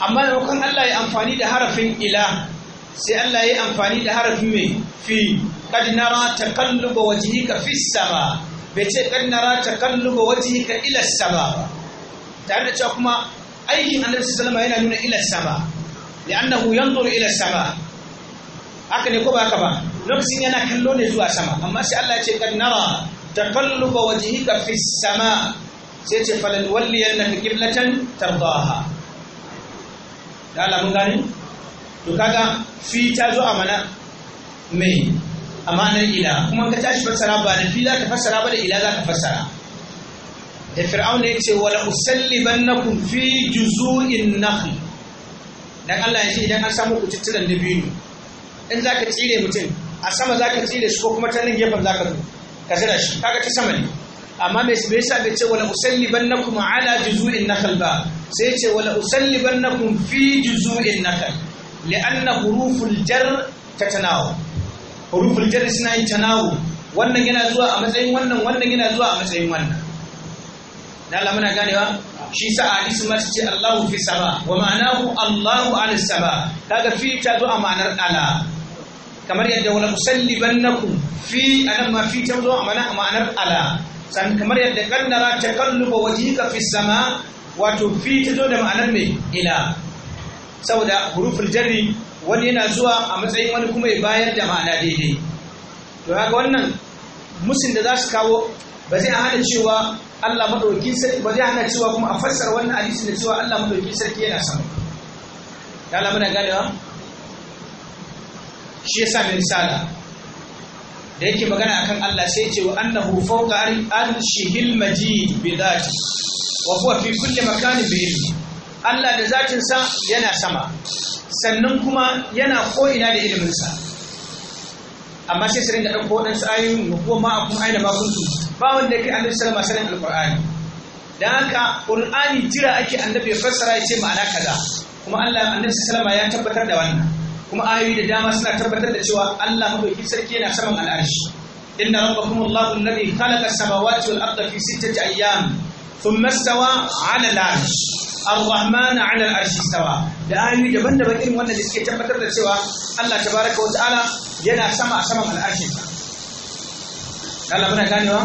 [SPEAKER 1] amma maimakon Allah ya amfani da harafin ila sai Allah ya amfani da harafin mai fi qad nara taqalluba wajhika fis sama bai ce qad nara taqalluba wajhika ila sama ba tare da kuma aikin annabi sallallahu alaihi yana nuna ila sama li'annahu yanzuru ila sama haka ne ko ba haka ba lokacin yana kallo ne zuwa sama amma sai Allah ya ce qad nara taqalluba wajhika fis sama sai ce falal walliyannaka qiblatan tardaha da Allah mun to kaga fi ta zo a mana mai a ma'anar ila kuma ka tashi fassara ba da fi za ka fassara ba da ila za ka fassara da fir'auna ya ce wala usallibannakum fi juzu'in nakhl dan Allah ya ce idan an samu ku tittiran biyu in za ka tsire mutum a sama za ka tsire shi ko kuma ta nan gefen za ka zo ka zira shi kaga ta sama ne amma me me yasa bai ce wala usallibannakum ala juzu'in nakhl ba sai ce wala usallibannakum fi juzu'in nakhl li'anna huruful jar tatanawa huruful jari suna yin tanawu wannan yana zuwa a matsayin wannan wannan yana zuwa a matsayin wannan da Allah muna ganewa shi sa a hadisin masu ce Allahu fi saba wa ma'anahu Allahu ala saba kaga fi ta zo a ma'anar ala kamar yadda wala musallibannakum fi anan ma fi ta zo a ma'anar ala san kamar yadda kaddara takalluba wajhika fi sama wato fi ta zo da ma'anar mai ila saboda huruful jari. wani yana zuwa a matsayin wani kuma ya bayar da ma'ana daidai to haka wannan musin da za su kawo ba zai hana cewa Allah madauki sarki ba zai hana cewa kuma a fassara wannan hadisi da cewa Allah madauki sarki yana sama ya Allah muna ganewa shi yasa mai risala da yake magana akan Allah sai ce wa annahu fawqa arshihil majid bi dhati wa huwa fi kulli makanin bi Allah da zatin sa yana sama sannan kuma yana ko'ina da iliminsa amma sai su ringa ko waɗansu ayoyin mu kuma ma kun aina ma ba wanda yake annabi sallallahu alaihi wasallam alqur'ani dan haka qur'ani jira ake annabi ya fassara ya ce ma'ana kaza kuma Allah annabi sallallahu alaihi ya tabbatar da wannan kuma ayoyi da dama suna tabbatar da cewa Allah madaukakin sarki yana saman al'arshi alladhi khalaqa as-samawati wal السماوات fi sittati ayyam thumma istawa 'ala al العرش ar-rahmanu 'ala al-arshi istawa da ayoyi daban-daban irin wannan da suke tabbatar da cewa Allah tabaraka wa ta'ala yana sama a saman al-arshin Allah muna ganewa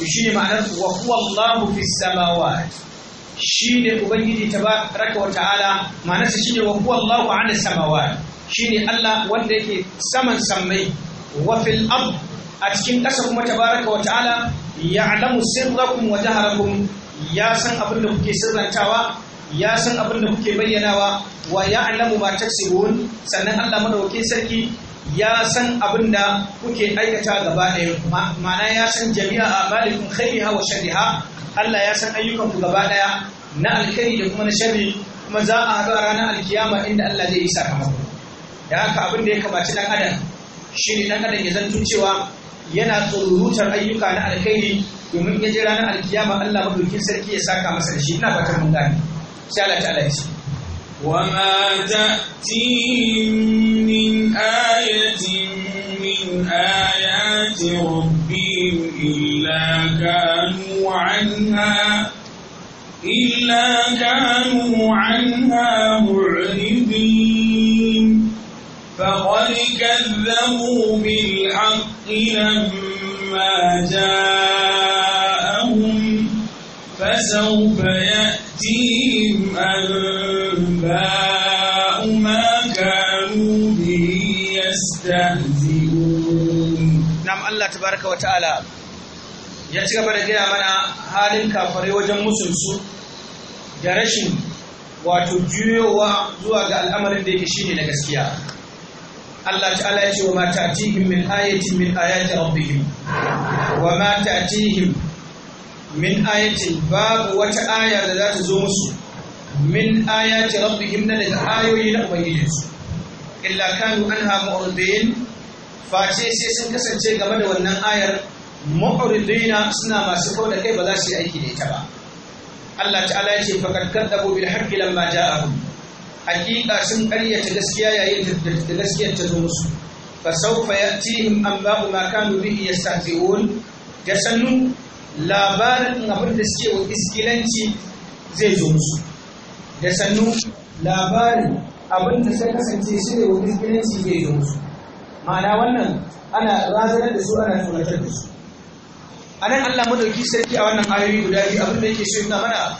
[SPEAKER 1] shi ne ma'anar wa huwa Allahu fis samawati shine ubangiji tabaraka wa ta'ala ma'anarsa shine wa huwa Allahu 'ala samawati shine Allah wanda yake saman sammai wa fil ard a cikin ƙasa kuma tabaraka wa ta'ala ya'lamu sirrakum wa jaharakum ya san abin da kuke sirrantawa ya san abin da kuke bayyanawa wa ya alamu ma taksibun sannan Allah madaukakin sarki ya san abin da kuke aikata gaba ɗaya ma'ana ya san jami'a a kai khairiha wa shariha Allah ya san ayyukan ku gaba ɗaya na alkhairi da kuma na sharri kuma za a haɗu a ranar alkiyama inda Allah zai yi sakamako da haka abin da ya kamaci ɗan adam shi ne ɗan adam ya zanto cewa yana tsururutar ayyuka na alkhairi domin ya je ranar alkiyama Allah madaukin sarki ya saka masa da shi ina fatan mun gane سالت على ta'ala وما
[SPEAKER 2] تأتيهم من آية من آيات ربهم إلا كانوا عنها إلا كانوا عنها معرضين فقد كذبوا بالحق لما جاءهم فسوف يأتي يأتيهم أنباء ما
[SPEAKER 1] كانوا به يستهزئون نعم الله تبارك وتعالى ya ci gaba da gaya mana halin kafare wajen musulsu da rashin wato juyowa zuwa ga al'amarin da yake shine na gaskiya Allah ta'ala ya ce wa ma ta'tihim min ayatin min ayati rabbihim wa ma ta'tihim min ayatin babu wata aya da za ta zo musu min ayati rabbihim na daga ayoyi na ubangijinsu illa kanu anha mu'ridin face sai sun kasance game da wannan ayar mu'ridina suna masu kau da kai ba za su yi aiki da ita ba Allah ta'ala ya ce faqad kadzabu bil haqqi lamma ja'ahum haqiqa sun ƙaryata gaskiya yayin da gaskiyar ta zo musu fa sawfa ya'tihim anba'u ma kanu bihi yastahzi'un da sannu labarin abin da suke wa iskilanci zai zo musu da sannu labarin abin da suka kasance shi ne wa iskilanci zai zo musu ma'ana wannan ana razanar da su ana tunatar da su a nan allah madauki sarki a wannan ayoyi guda biyu abin da yake so yana mana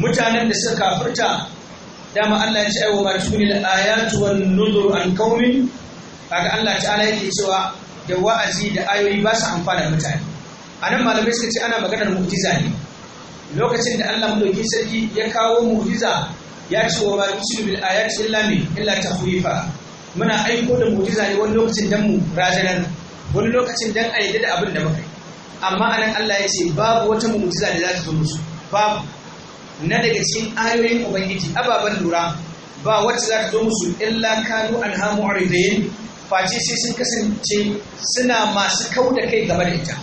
[SPEAKER 1] mutanen da suka kafirta dama allah ya ce aiwa ma tuni ayatu wan nuzur an qaumin kaga allah ta'ala yake cewa da wa'azi da ayoyi ba su amfana mutane a nan malamai suka ce ana maganar mu'jiza ne lokacin da Allah madauki sarki ya kawo mu'jiza ya ce wa bari su bil ayati illa min illa tahwifa muna aiko da mu'jiza ne wani lokacin dan mu rajanar wani lokacin dan ayyade da abin da muka amma anan Allah ya ce babu wata mu'jiza da za ta zo musu babu na daga cikin ayoyin ubangiji ababen lura ba wacce za ta zo musu illa kanu an hamu face sai sun kasance suna masu kau da kai gaba da ita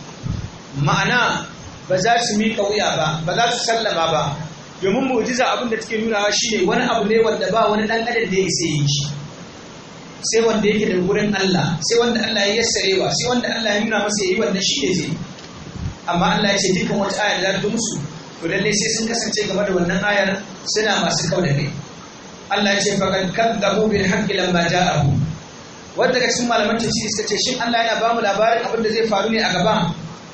[SPEAKER 1] ma'ana ba za su miƙa wuya ba ba za su sallama ba domin mu'jiza abin da take nunawa shine wani abu ne wanda ba wani dan adam da ya isa yi shi sai wanda yake da gurin Allah sai wanda Allah ya yassarewa sai wanda Allah ya nuna masa yayi wannan shine zai amma Allah ya ce dukkan wata aya da ta musu to lalle sai sun kasance game da wannan ayar suna masu kauda ne Allah ya ce kan kadabu bil haqqi lamma ja'ahu wanda daga cikin malaman tafsiri suka ce shin Allah yana ba mu labarin abin da zai faru ne a gaba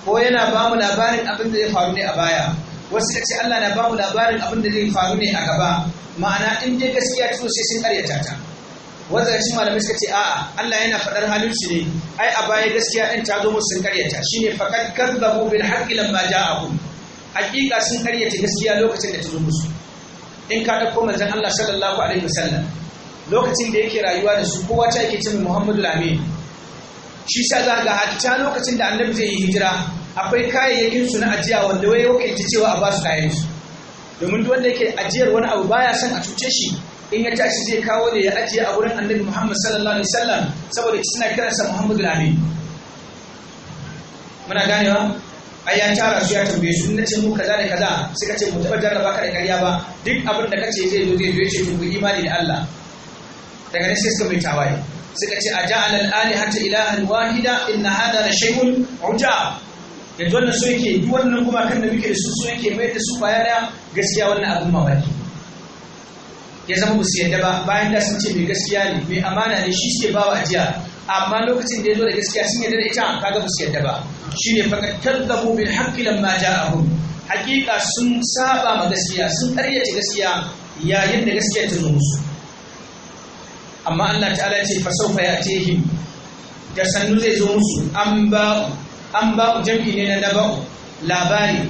[SPEAKER 1] ko yana ba mu labarin abin da zai faru ne a baya wasu ka ce Allah na ba mu labarin abin da zai faru ne a gaba ma'ana in dai gaskiya ta sai sun karyata ta wanda shi malamai suka ce a'a Allah yana faɗar halin shi ne ai a baya gaskiya ɗin ta zo musu sun karyata shine faqad kadzabu bil haqqi lamma ja'ahum hakika sun karyata gaskiya lokacin da ta zo musu in ka ɗauko manzon Allah sallallahu alaihi wasallam lokacin da yake rayuwa da su kowa ta yake cin Muhammadu Lamin shi sa za ga lokacin da annabi zai yi hijira akwai kayayyakin su na ajiya wanda wai kai cewa a ba su kayan su domin duk wanda yake ajiyar wani abu baya son a cuce shi in ya tashi zai kawo ne ya ajiye a wurin annabi Muhammad sallallahu alaihi wasallam saboda suna kiransa Muhammad al muna ganewa ai ya tara su ya tambaye su ce mu kaza da kaza suka ce mu taba jarraba ka da ƙarya ba duk abin da kace zai zo zai zo ya ce imani da Allah daga nan sai suka mai tawaye suka ce a ja'ala al hata ilahar wahida inna hada la shay'un uja yanzu wannan so yake duk wannan kuma kan da muke da su so yake mai da su baya da gaskiya wannan abin mamaki ya zama ba su yadda ba bayan da sun ce mai gaskiya ne mai amana ne shi suke bawa ajiya amma lokacin da ya zo da gaskiya sun yadda da ita kaga ba su yadda ba shine fakat kadzabu bil haqqi abun ja'ahum hakika sun saba ma gaskiya sun karyace gaskiya yayin da gaskiya ta zo musu amma Allah ta'ala ce fa sawfa ya'tihim da sannu zai zo musu an ba jam'i ne na daba'u labari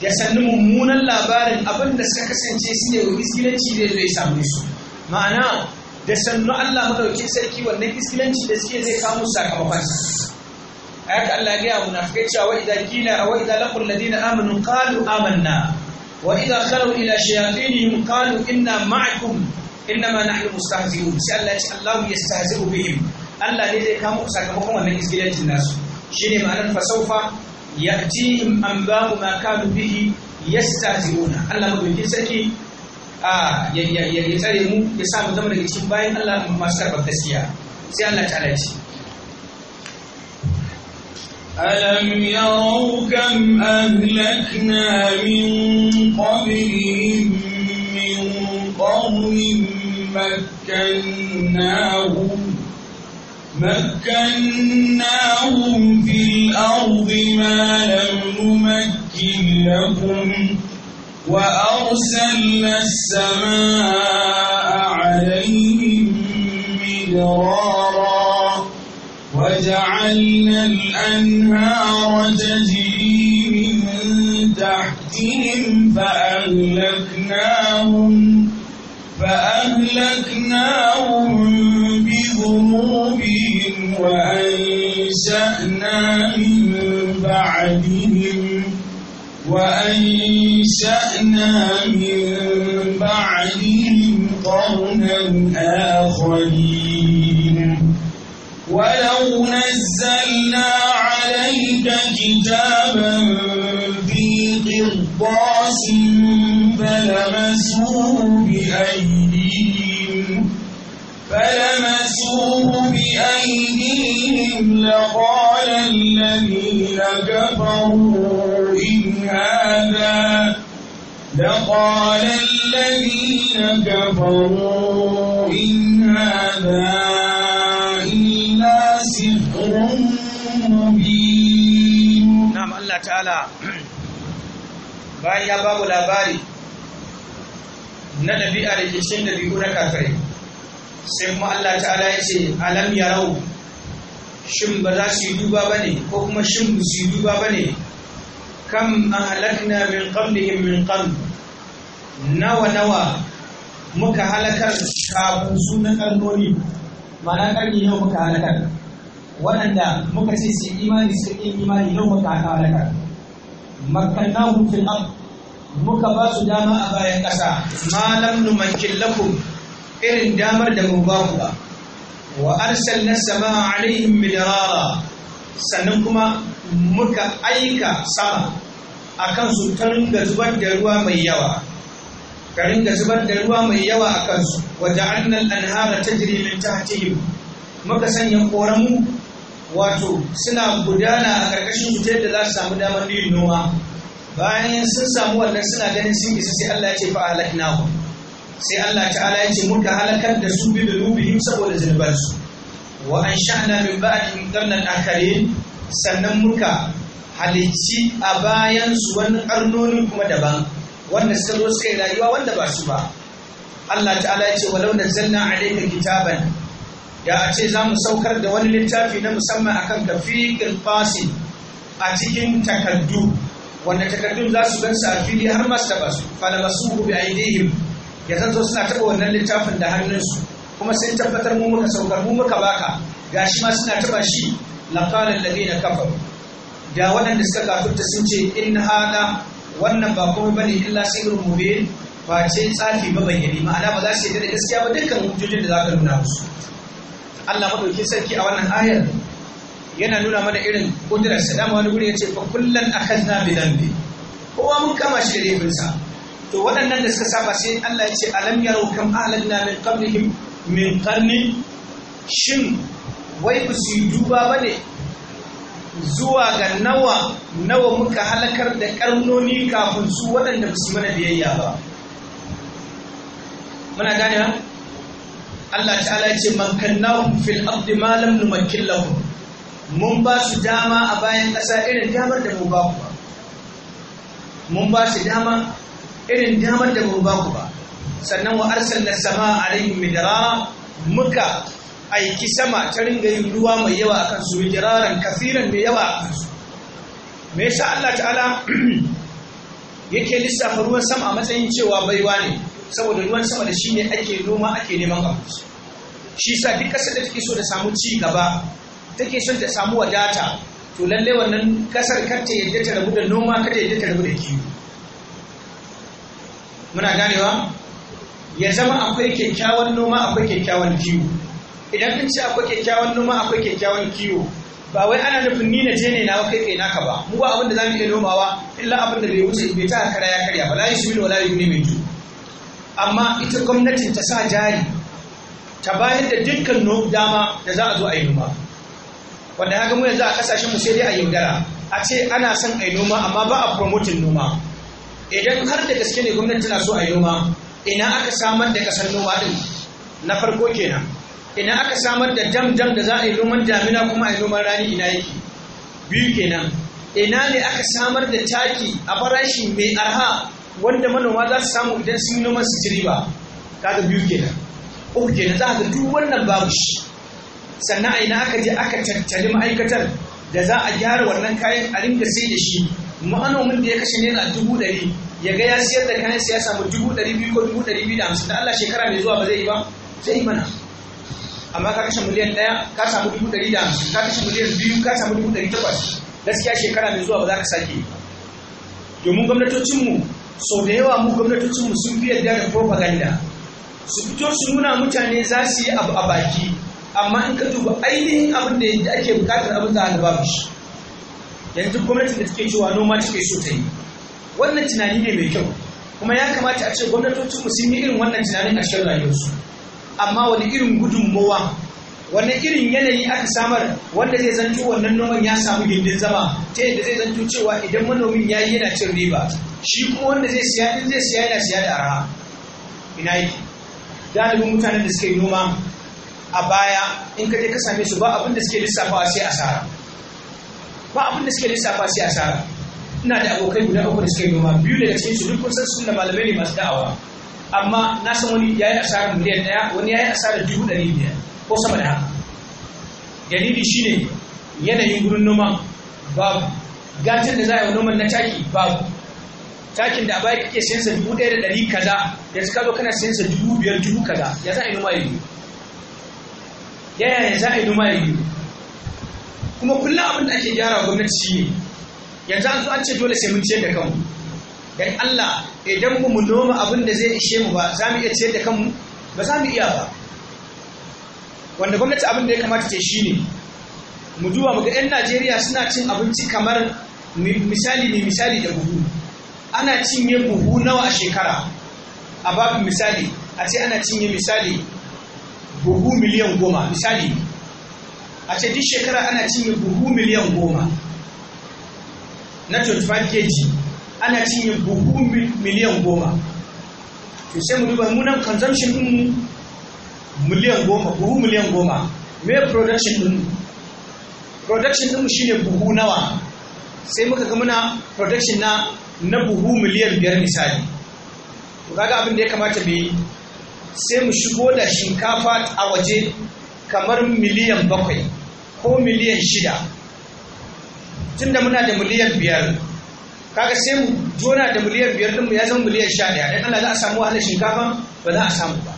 [SPEAKER 1] da sannu mummunan labarin abinda suka kasance su ne iskilanci zai zo ya su ma'ana da sannu Allah madaukin sarki wannan iskilanci da suke zai kawo sakamakon ayat Allah ya munafikai cewa wa idza qila wa idza laqul ladina amanu qalu amanna wa idza khalu ila shayatinihim qalu inna ma'akum انما نحن مستهزئون سال الله يستهزئ بهم الا لذلك هم ساكمكم من اسبيل الناس شنو معنى فسوف ياتيهم انباء ما كانوا به يستهزئون الله ما بيجي سكي اه يا يا يا ترى مو يسام زمن اللي تشوف باين الله ما سكر بكسيا سي الله تعالى ألم يروا كم أهلكنا
[SPEAKER 2] من قبلهم قوم مكناهم مكناهم في الأرض ما لم نمكن لهم وأرسلنا السماء عليهم مدرارا وجعلنا الأنهار تجري من تحتهم فأهلكناهم فأهلكناهم بذنوبهم وأنشأنا من بعدهم وأنشأنا من بعدهم قرنا آخرين
[SPEAKER 1] ولو
[SPEAKER 2] نزلنا عليك كتابا في قرطاس فلمسوه بأيديهم فلمسوه بأيديهم لقال الذين كفروا إن هذا لقال الذين كفروا
[SPEAKER 1] إن هذا إلا سحر مبين نعم الله تعالى bayan ya لا باري. na ɗabi'ar cikin ɗabi'u na kafirai sai kuma Allah ta'ala ya ce alam ya ra'u. shin ba za su yi duba ba ne ko kuma shin ba su yi duba ba ne kam ahlakna min qablihim min qabl nawa nawa muka halakar kafin suna ƙarnoni, mana ma'ana karni yau muka halakar waɗanda muka ce su imani sun imani yau muka halakar makkannahum fil ardh muka ba su dama a bayan ƙasa malam numakin lakum irin damar da mu ba ku ba wa arsalna sama alaihim midrara sannan kuma muka aika sama a kansu ta ringa zubar da ruwa mai yawa Ta ringa zubar da ruwa mai yawa a kansu wa ja'alna al-anhara tajri min tahtihim muka sanya koramu wato suna gudana a ƙarƙashin su da za su samu damar yin noma bayan sun samu wannan suna ganin sun isa sai Allah ya ce fa ku. sai Allah ta'ala ya ce muka halakar da su bi dhunubihim saboda zunubansu wa ansha'na min ba'dihim qarnan akharin sannan muka halicci a bayan su wani karnoni kuma daban wanda suka zo suka yi rayuwa wanda ba su ba Allah ta'ala ya ce walau nazzalna alayka kitaban da a ce za mu saukar da wani littafi na musamman akan ka fi a cikin takardu wanda takardun za su gansu a fili har masu taba su falamasuhu bi aidihim ya zanto suna taba wannan littafin da hannunsu kuma sun tabbatar mu muka saukar mu muka baka shi ma suna taba shi laqala na kafa. da waɗanda suka kafirta sun ce in hada wannan ba komai bane illa sirrun mubin ba ce tsafi bayyane. ma'ana ba za su yi da gaskiya ba dukkan hujjojin da za ka nuna musu Allah madaukin sarki a wannan ayar yana nuna mana irin kudurar dama wani guri yace fa kullan akhadna bi kowa mun kama shi da to waɗannan da suka saba sai Allah ya ce alam yarau kam na min qablihim min qarni shin wai ku su duba ne? zuwa ga nawa nawa muka halakar da karnoni kafin su waɗanda ba su mana biyayya ba muna gane Allah ta'ala ya ce mankannahum fil ardi ma lam numakkil lahum mun ba su dama a bayan ƙasa irin damar da mu ba ku ba mun ba su dama irin damar da mu ba ku ba sannan wa arsalna sama alaihim midrara muka aiki sama ta ringa yin ruwa mai yawa akan su midraran kafiran mai yawa akan su me yasa Allah ta'ala yake lissafa ruwan sama a matsayin cewa baiwa ne saboda ruwan sama da shi ne ake noma ake neman abinci shi sa duk ƙasar da take so da samu ci gaba take son ta samu wadata to lalle wannan kasar kar yadda ta rabu da noma kar yadda ta rabu da kiwo muna ganewa ya zama akwai kyakkyawan noma akwai kyakkyawan kiwo idan kun ce akwai kyakkyawan noma akwai kyakkyawan kiwo ba wai ana nufin ni na je ne na kai kai naka ba mu ba abin da zamu iya nomawa illa abin da bai wuce bai ta kara ya karya ba la ne wala mai min amma ita gwamnatin ta sa jari ta bayar da dukkan dama da za a zo a yi noma wanda ya mu yanzu a kasashen mu sai dai a yaudara a ce ana son a yi noma amma ba a promoting noma idan har da gaske ne gwamnati tana so a yi noma ina aka samar da kasar noma din na farko kenan ina aka samar da jam-jam da za a yi noman damina kuma a yi noman rani ina yake biyu kenan ina ne aka samar da taki a farashi mai arha wanda manoma za su samu idan sun noma su ci riba kaga biyu kenan uku kenan za ga duk wannan babu shi sannan a ina aka je aka tattali ma'aikatar da za a gyara wannan kayan a rinka sai da shi manomin da ya kashe naira dubu ɗari ya ga ya siyar da kayan siyasa mu dubu ɗari biyu ko dubu ɗari biyu da hamsin da Allah shekara mai zuwa ba zai yi ba zai yi mana amma ka kashe miliyan ɗaya ka samu dubu ɗari da hamsin ka kashe miliyan biyu ka samu dubu ɗari takwas gaskiya shekara mai zuwa ba za ka sake domin gwamnatocinmu sau da yawa mu gwamnatocinmu sun fi yarda da propaganda su fito su nuna mutane za su yi abu a baki amma in ka duba ainihin abin da yadda ake bukatar abin da hannu babu shi yanzu gwamnati da take cewa noma take so ta yi wannan tunani ne mai kyau kuma ya kamata a ce gwamnatocin mu sun yi irin wannan tunanin a cikin rayuwarsu amma wani irin gudunmowa Wannan irin yanayi aka samar wanda zai zanto wannan noman ya samu gindin zama ta yadda zai zanto cewa idan manomin ya yi yana cin riba shi kuma wanda zai siya din zai siya yana siya da araha ina yi galibin mutanen da suke yi noma a baya in ka je ka same su ba abin da suke lissafawa sai asara ba abin da suke lissafa sai asara ina da abokai guda uku da suke noma biyu da cikin su duk kun san sunna malamai ne masu da'awa amma na san wani ya yi asarar miliyan ɗaya wani ya yi dubu ɗari biyar ko sama da haka dalili shine yanayin gurin noma, babu gajin da za a yi noman na taki babu takin da a baya kake sa dubu ɗaya da ɗari kaza yanzu ka zo kana sa dubu biyar dubu kaza ya za a yi noma yanzu ya yaya za a yi noma ya yi kuma kullum abin da ake gyara gwamnati shi ne yanzu an zo an ce dole sai mun ciyar da kanmu dan Allah idan mu noma abin da zai ishe mu ba za mu iya ciyar da kanmu ba za mu iya ba wanda gwamnati abin da ya kamata ta shi ne mu duba mu ga 'yan Najeriya suna cin abinci kamar misali ne misali da buhu ana cinye buhu nawa a shekara a babin misali a ce ana cinye misali buhu miliyan goma misali a ce duk shekara ana cinye buhu miliyan goma na 25 kg ana cinye buhu miliyan goma to sai mu duba munan consumption din mu miliyan goma buhu miliyan goma me production din production din mu shine buhu nawa sai muka ga muna production na na buhu miliyan biyar misali to kaga abin da ya kamata mu yi sai mu shigo da shinkafa a waje kamar miliyan bakwai ko miliyan shida tunda muna da miliyan biyar kaga sai mu jona da miliyan biyar din mu ya zama miliyan sha ɗaya dan Allah za a samu wahalar shinkafa ba za a samu ba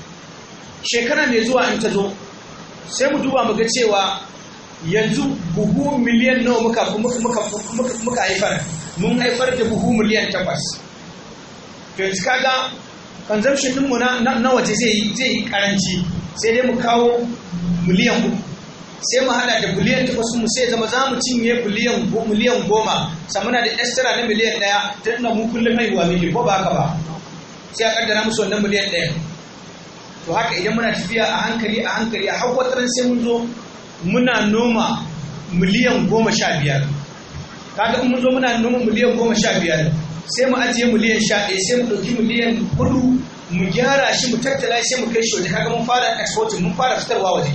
[SPEAKER 1] shekara mai zuwa in ta zo sai mu duba mu ga cewa yanzu buhu miliyan nawa muka muka muka muka haifar mun haifar da buhu miliyan takwas to yanzu kaga consumption mu na waje zai yi karanci sai dai mu kawo miliyan uku sai mu hada da ta wasu mu sai zama za mu cinye biliyan miliyan goma samuna da extra na miliyan ɗaya ta nuna mu kullum haihuwa miki ko ba haka ba sai a kaddara musu wannan miliyan ɗaya to haka idan muna tafiya a hankali a hankali a har sai mun zo muna noma miliyan goma sha biyar kaga in mun zo muna noma miliyan goma sha biyar sai mu ajiye miliyan sha ɗaya sai mu ɗauki miliyan hudu mu gyara shi mu tattala sai mu kai shi waje kaga mun fara exporting mun fara fitarwa waje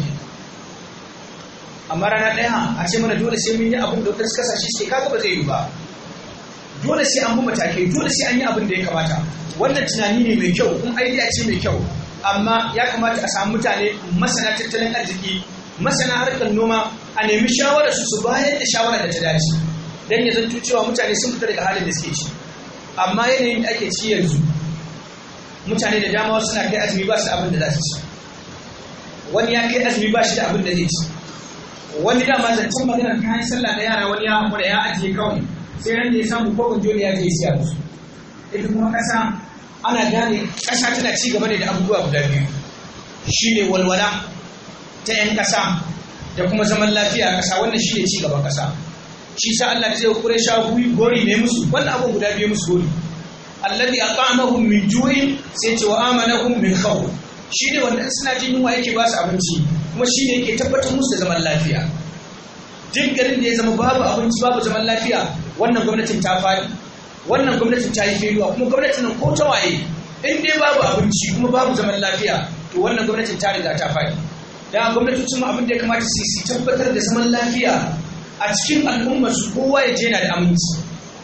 [SPEAKER 1] amma rana ɗaya a ce mana dole sai mun yi abin da wata kasashe sai kaga ba zai yi ba dole sai an bi matakai dole sai an yi abin da ya kamata wannan tunani ne mai kyau kuma a ce mai kyau amma ya kamata a samu mutane masana tattalin arziki masana harkar noma a nemi shawarar su su bayar da shawarar da ta dace Dan ya zanto cewa mutane sun fita daga halin da suke ciki amma yanayin da ake ci yanzu mutane da dama suna kai azumi ba su da abin da za su ci wani ya kai azumi ba shi da abin da zai ci wani dama zancen maganar kayan sallah na yara wani ya kura ya ajiye kawai sai ran da ya samu ko kunjo ya je siya musu ita kuma kasa ana gane kasa tana ci gaba ne da abubuwa guda biyu shine walwala ta yan kasa da kuma zaman lafiya a kasa wannan shine ci gaban kasa shi sa Allah ce Quraysha guri gori ne musu wannan abu guda biyu musu gori alladhi aqamahum min ju'in sai ce wa amanahum min khawf shine wanda suna jin yunwa yake ba su abinci kuma shine yake tabbatar musu da zaman lafiya duk garin da ya zama babu abinci babu zaman lafiya wannan gwamnatin ta fadi. wannan gwamnatin ta yi failure kuma gwamnatin nan ko ta waye in dai babu abinci kuma babu zaman lafiya to wannan gwamnatin ta riga ta fadi. da gwamnatocin mu abin da ya kamata su tabbatar da zaman lafiya a cikin al'ummar su kowa ya je na da aminci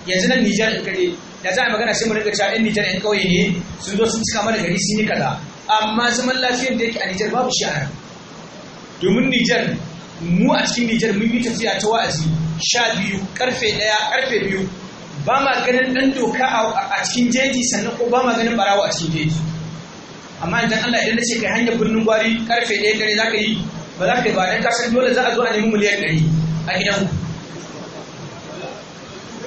[SPEAKER 1] yanzu nan Nijar in kare da za a magana sai mu rinka cewa ɗan Nijar ɗan ƙauye ne sun zo sun cika mana gari sun yi kaza amma zaman lafiyar da yake a Nijar babu shi a nan domin Nijar mu a cikin Nijar mun yi tafiya ta wa'azi sha biyu karfe ɗaya karfe biyu ba ma ganin ɗan doka a cikin jeji sannan ko ba ma ganin barawo a cikin jeji amma idan Allah idan ce kai hanyar birnin gwari karfe ɗaya dare za ka yi ba za ka yi ba dan san dole za a zo a nemi miliyan ɗari a gidanku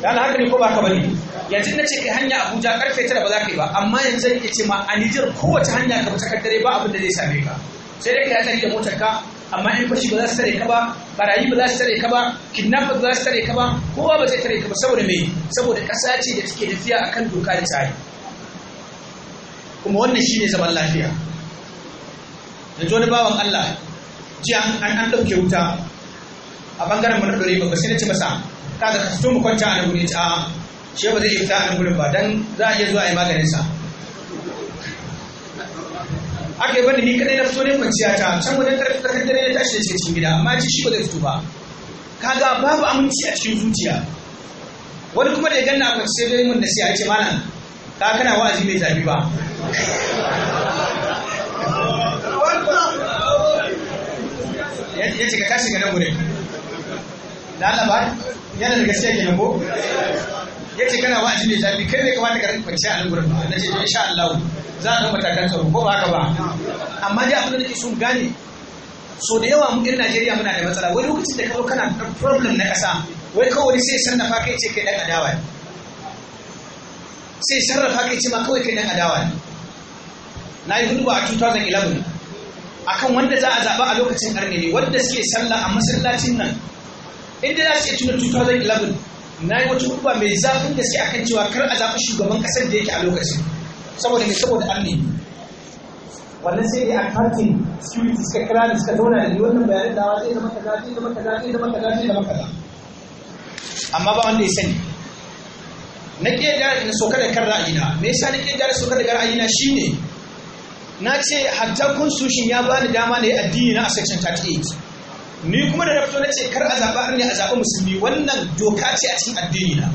[SPEAKER 1] dan haka ko ba ka bane yanzu na ce kai hanya Abuja karfe tara ba za ka yi ba amma yanzu zan iya ce ma a nijar kowace hanya ka fita kaddare ba abin da zai same ka sai dai ka yi tare da motar ka amma in fashi ba za su tare ka ba barayi ba za su tare ka ba kidnapper ba za su tare ka ba kowa ba zai tare ka ba saboda me saboda kasa ce da take tafiya akan doka da tsari kuma wannan shine zaman lafiya yanzu wani bawan Allah jiya an ɗauke wuta a bangaren mu na dore ba sai na ci masa kaga ka fito mu kwanta a nan a ta shi ba zai fita a nan gurin ba dan za a iya zuwa a yi maganin sa aka yi bani ni kadai na fito ne kwanciya ta can wajen karfi karfi dare na tashi da cikin gida amma ci shi ba zai fito ba kaga babu aminci a cikin zuciya wani kuma da ya ganna kwanci sai bai mun da sai ce malam ka kana wa'azi mai zabi ba ya ce ka tashi ga nan gurin da yana da gaskiya kenan ko ya ce kana wa'azi mai zafi kai bai kamata ka rinka kwanciya a nan ba na ce insha Allah za a ɗan matakan tsaro ko ba haka ba amma dai abin da nake son gane so da yawa mu ɗin Najeriya muna da matsala wai lokacin da ka zo kana da problem na ƙasa wai kawai sai sarrafa kai ce kai dan adawa ne sai sarrafa kai ce ma kawai kai dan adawa ne na yi hudu a 2011 akan wanda za a zaɓa a lokacin ƙarni ne wanda suke sallah a masallacin nan inda za su iya tuna 2011 na yi wata hukuma mai zafin gaske kan cewa kar a zafi shugaban kasar da yake a lokacin saboda mai saboda an ne wannan sai dai accounting security suka kira da suka zauna da ni wannan bayanin dawa zai da kaza zai da kaza zai da kaza zai da kaza amma ba wanda ya sani na ke gara na soka da kan ra'ayina me yasa na ke gyara soka da kan ra'ayina shine na ce hatta Sushin ya bani dama ne addini na a section 38 ni kuma da na na ce kar a zaɓa arni a zaɓa musulmi wannan doka ce a cikin addini na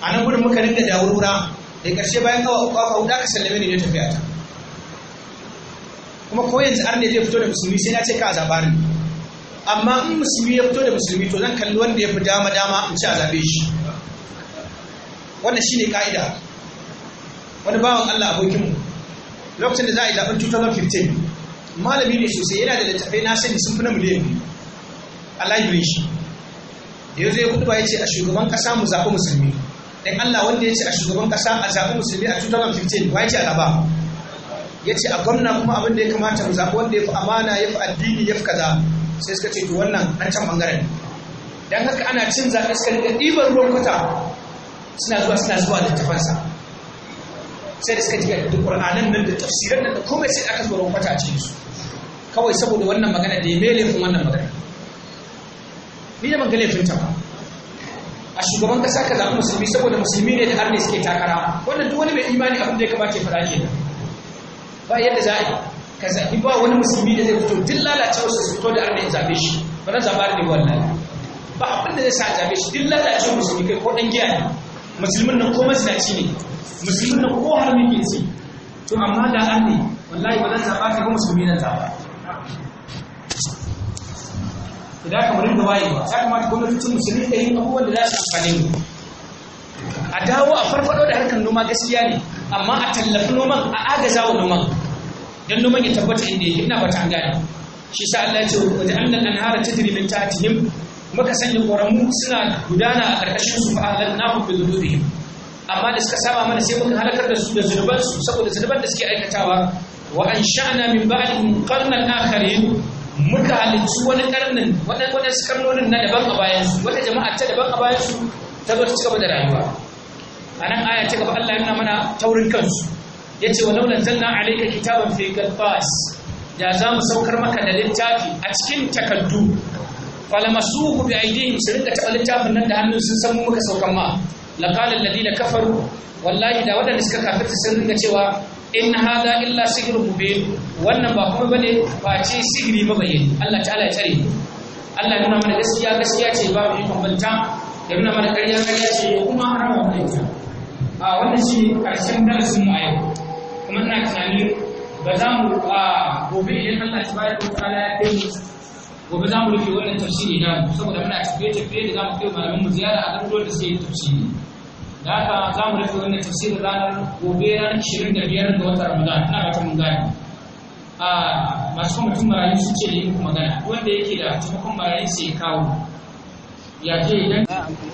[SPEAKER 1] a nan gudun muka rinka da wurwura da ƙarshe bayan awa uku awa huɗu aka sallame ni ne tafiya ta kuma ko yanzu ne zai fito da musulmi sai na ce ka a zaɓa amma in musulmi ya fito da musulmi to zan kalli wanda ya fi dama dama in ci a zaɓe shi wannan shine ka'ida wani bawan Allah abokinmu lokacin da za a yi zaɓen 2015 malami ne sosai yana da littattafai na sani sun fi na miliyan biyu a library shi da ya zai kudu ba ya ce a shugaban kasa mu zaɓi musulmi dan Allah wanda ya ce a shugaban kasa a zaɓi musulmi a 2015 ba ya ce a gaba ya ce a gwamna kuma abin da ya kamata mu zaɓi wanda ya fi amana ya fi addini ya fi kaza sai suka ce to wannan an can bangaren dan haka ana cin zaɓe suka riƙa ɗiban ruwan kwata suna zuwa suna zuwa tafansa sai da suka ji da ƙur'anan nan da tafsiran nan da komai sai aka zuwa ruwan kwata a cikinsu kawai saboda wannan magana da ya mele fi wannan magana ni da ban tun laifinta ba a shugaban kasa ka zaɓi musulmi saboda musulmi ne da arne suke takara wannan duk wani mai imani abin da ya kamata ya ke da. ba yadda za a yi ka zaɓi ba wani musulmi da zai fito duk lalacewar su fito da arne ya zaɓe shi ba na zaɓa arne wannan ba abin da zai sa a zaɓe shi duk lalacewar musulmi kai ko ɗan giya ne musulmin nan ko mazinaci ne musulmin nan ko har ke ci to amma da arne wallahi ba zan zaɓa ka ga musulmi nan zaɓa idan aka murin da wayewa ya kamata gwamnatocin musulmi da yin abubuwan da za su amfani mu a dawo a farfado da harkar noma gaskiya ne amma a tallafi noman a agaza wa noman don noman ya tabbata inda yake ina fata an gane shi sa Allah ya ce wa ja'alna al-anhara tajri min ta'tihim muka sanya ƙoramu suna gudana a ƙarƙashin su fa'alan nahu bi dhunubihim amma da suka saba mana sai muka halakar da su da zunuban saboda zunuban da suke aikatawa wa ansha'na min ba'dihim qarnan akharin muka halicci wani karnin waɗansu karnonin na daban a bayansu wata jama'a ta daban a bayansu ta zo ta cigaba da rayuwa a nan aya ta gaba Allah yana mana taurin kansu ya ce wa launan zanna alaika kitaban fi galfas da za mu saukar maka da littafi a cikin takaddu falamasuhu bi aidihim su rinka taɓa littafin nan da hannun sun san muka saukan ma laqala alladhina kafaru wallahi da waɗanda suka kafirta sun rinka cewa in hada illa sihir mubin wannan ba kuma bane face sihiri bane Allah ta'ala ya tare Allah nuna mana gaskiya gaskiya ce ba mu bambanta ya nuna mana ƙarya ƙarya ce ya kuma harama mana ita a wannan shi karshen darasin mu a yau kuma ina tunanin ba za mu a gobe idan Allah bayar wa ta'ala ya kai mu gobe za mu rufe wannan tafsiri na saboda muna tafiye tafiye da za mu kai malamin mu ziyara a garuruwan da sai tafsiri da haka za mu rufe wannan tafsirin ranar gobe ranar ishirin da biyar ga watan ramadan ina ga mun gane a masu mutum marayu su ce da yi magana wanda yake da taimakon marayu sai kawo ya je idan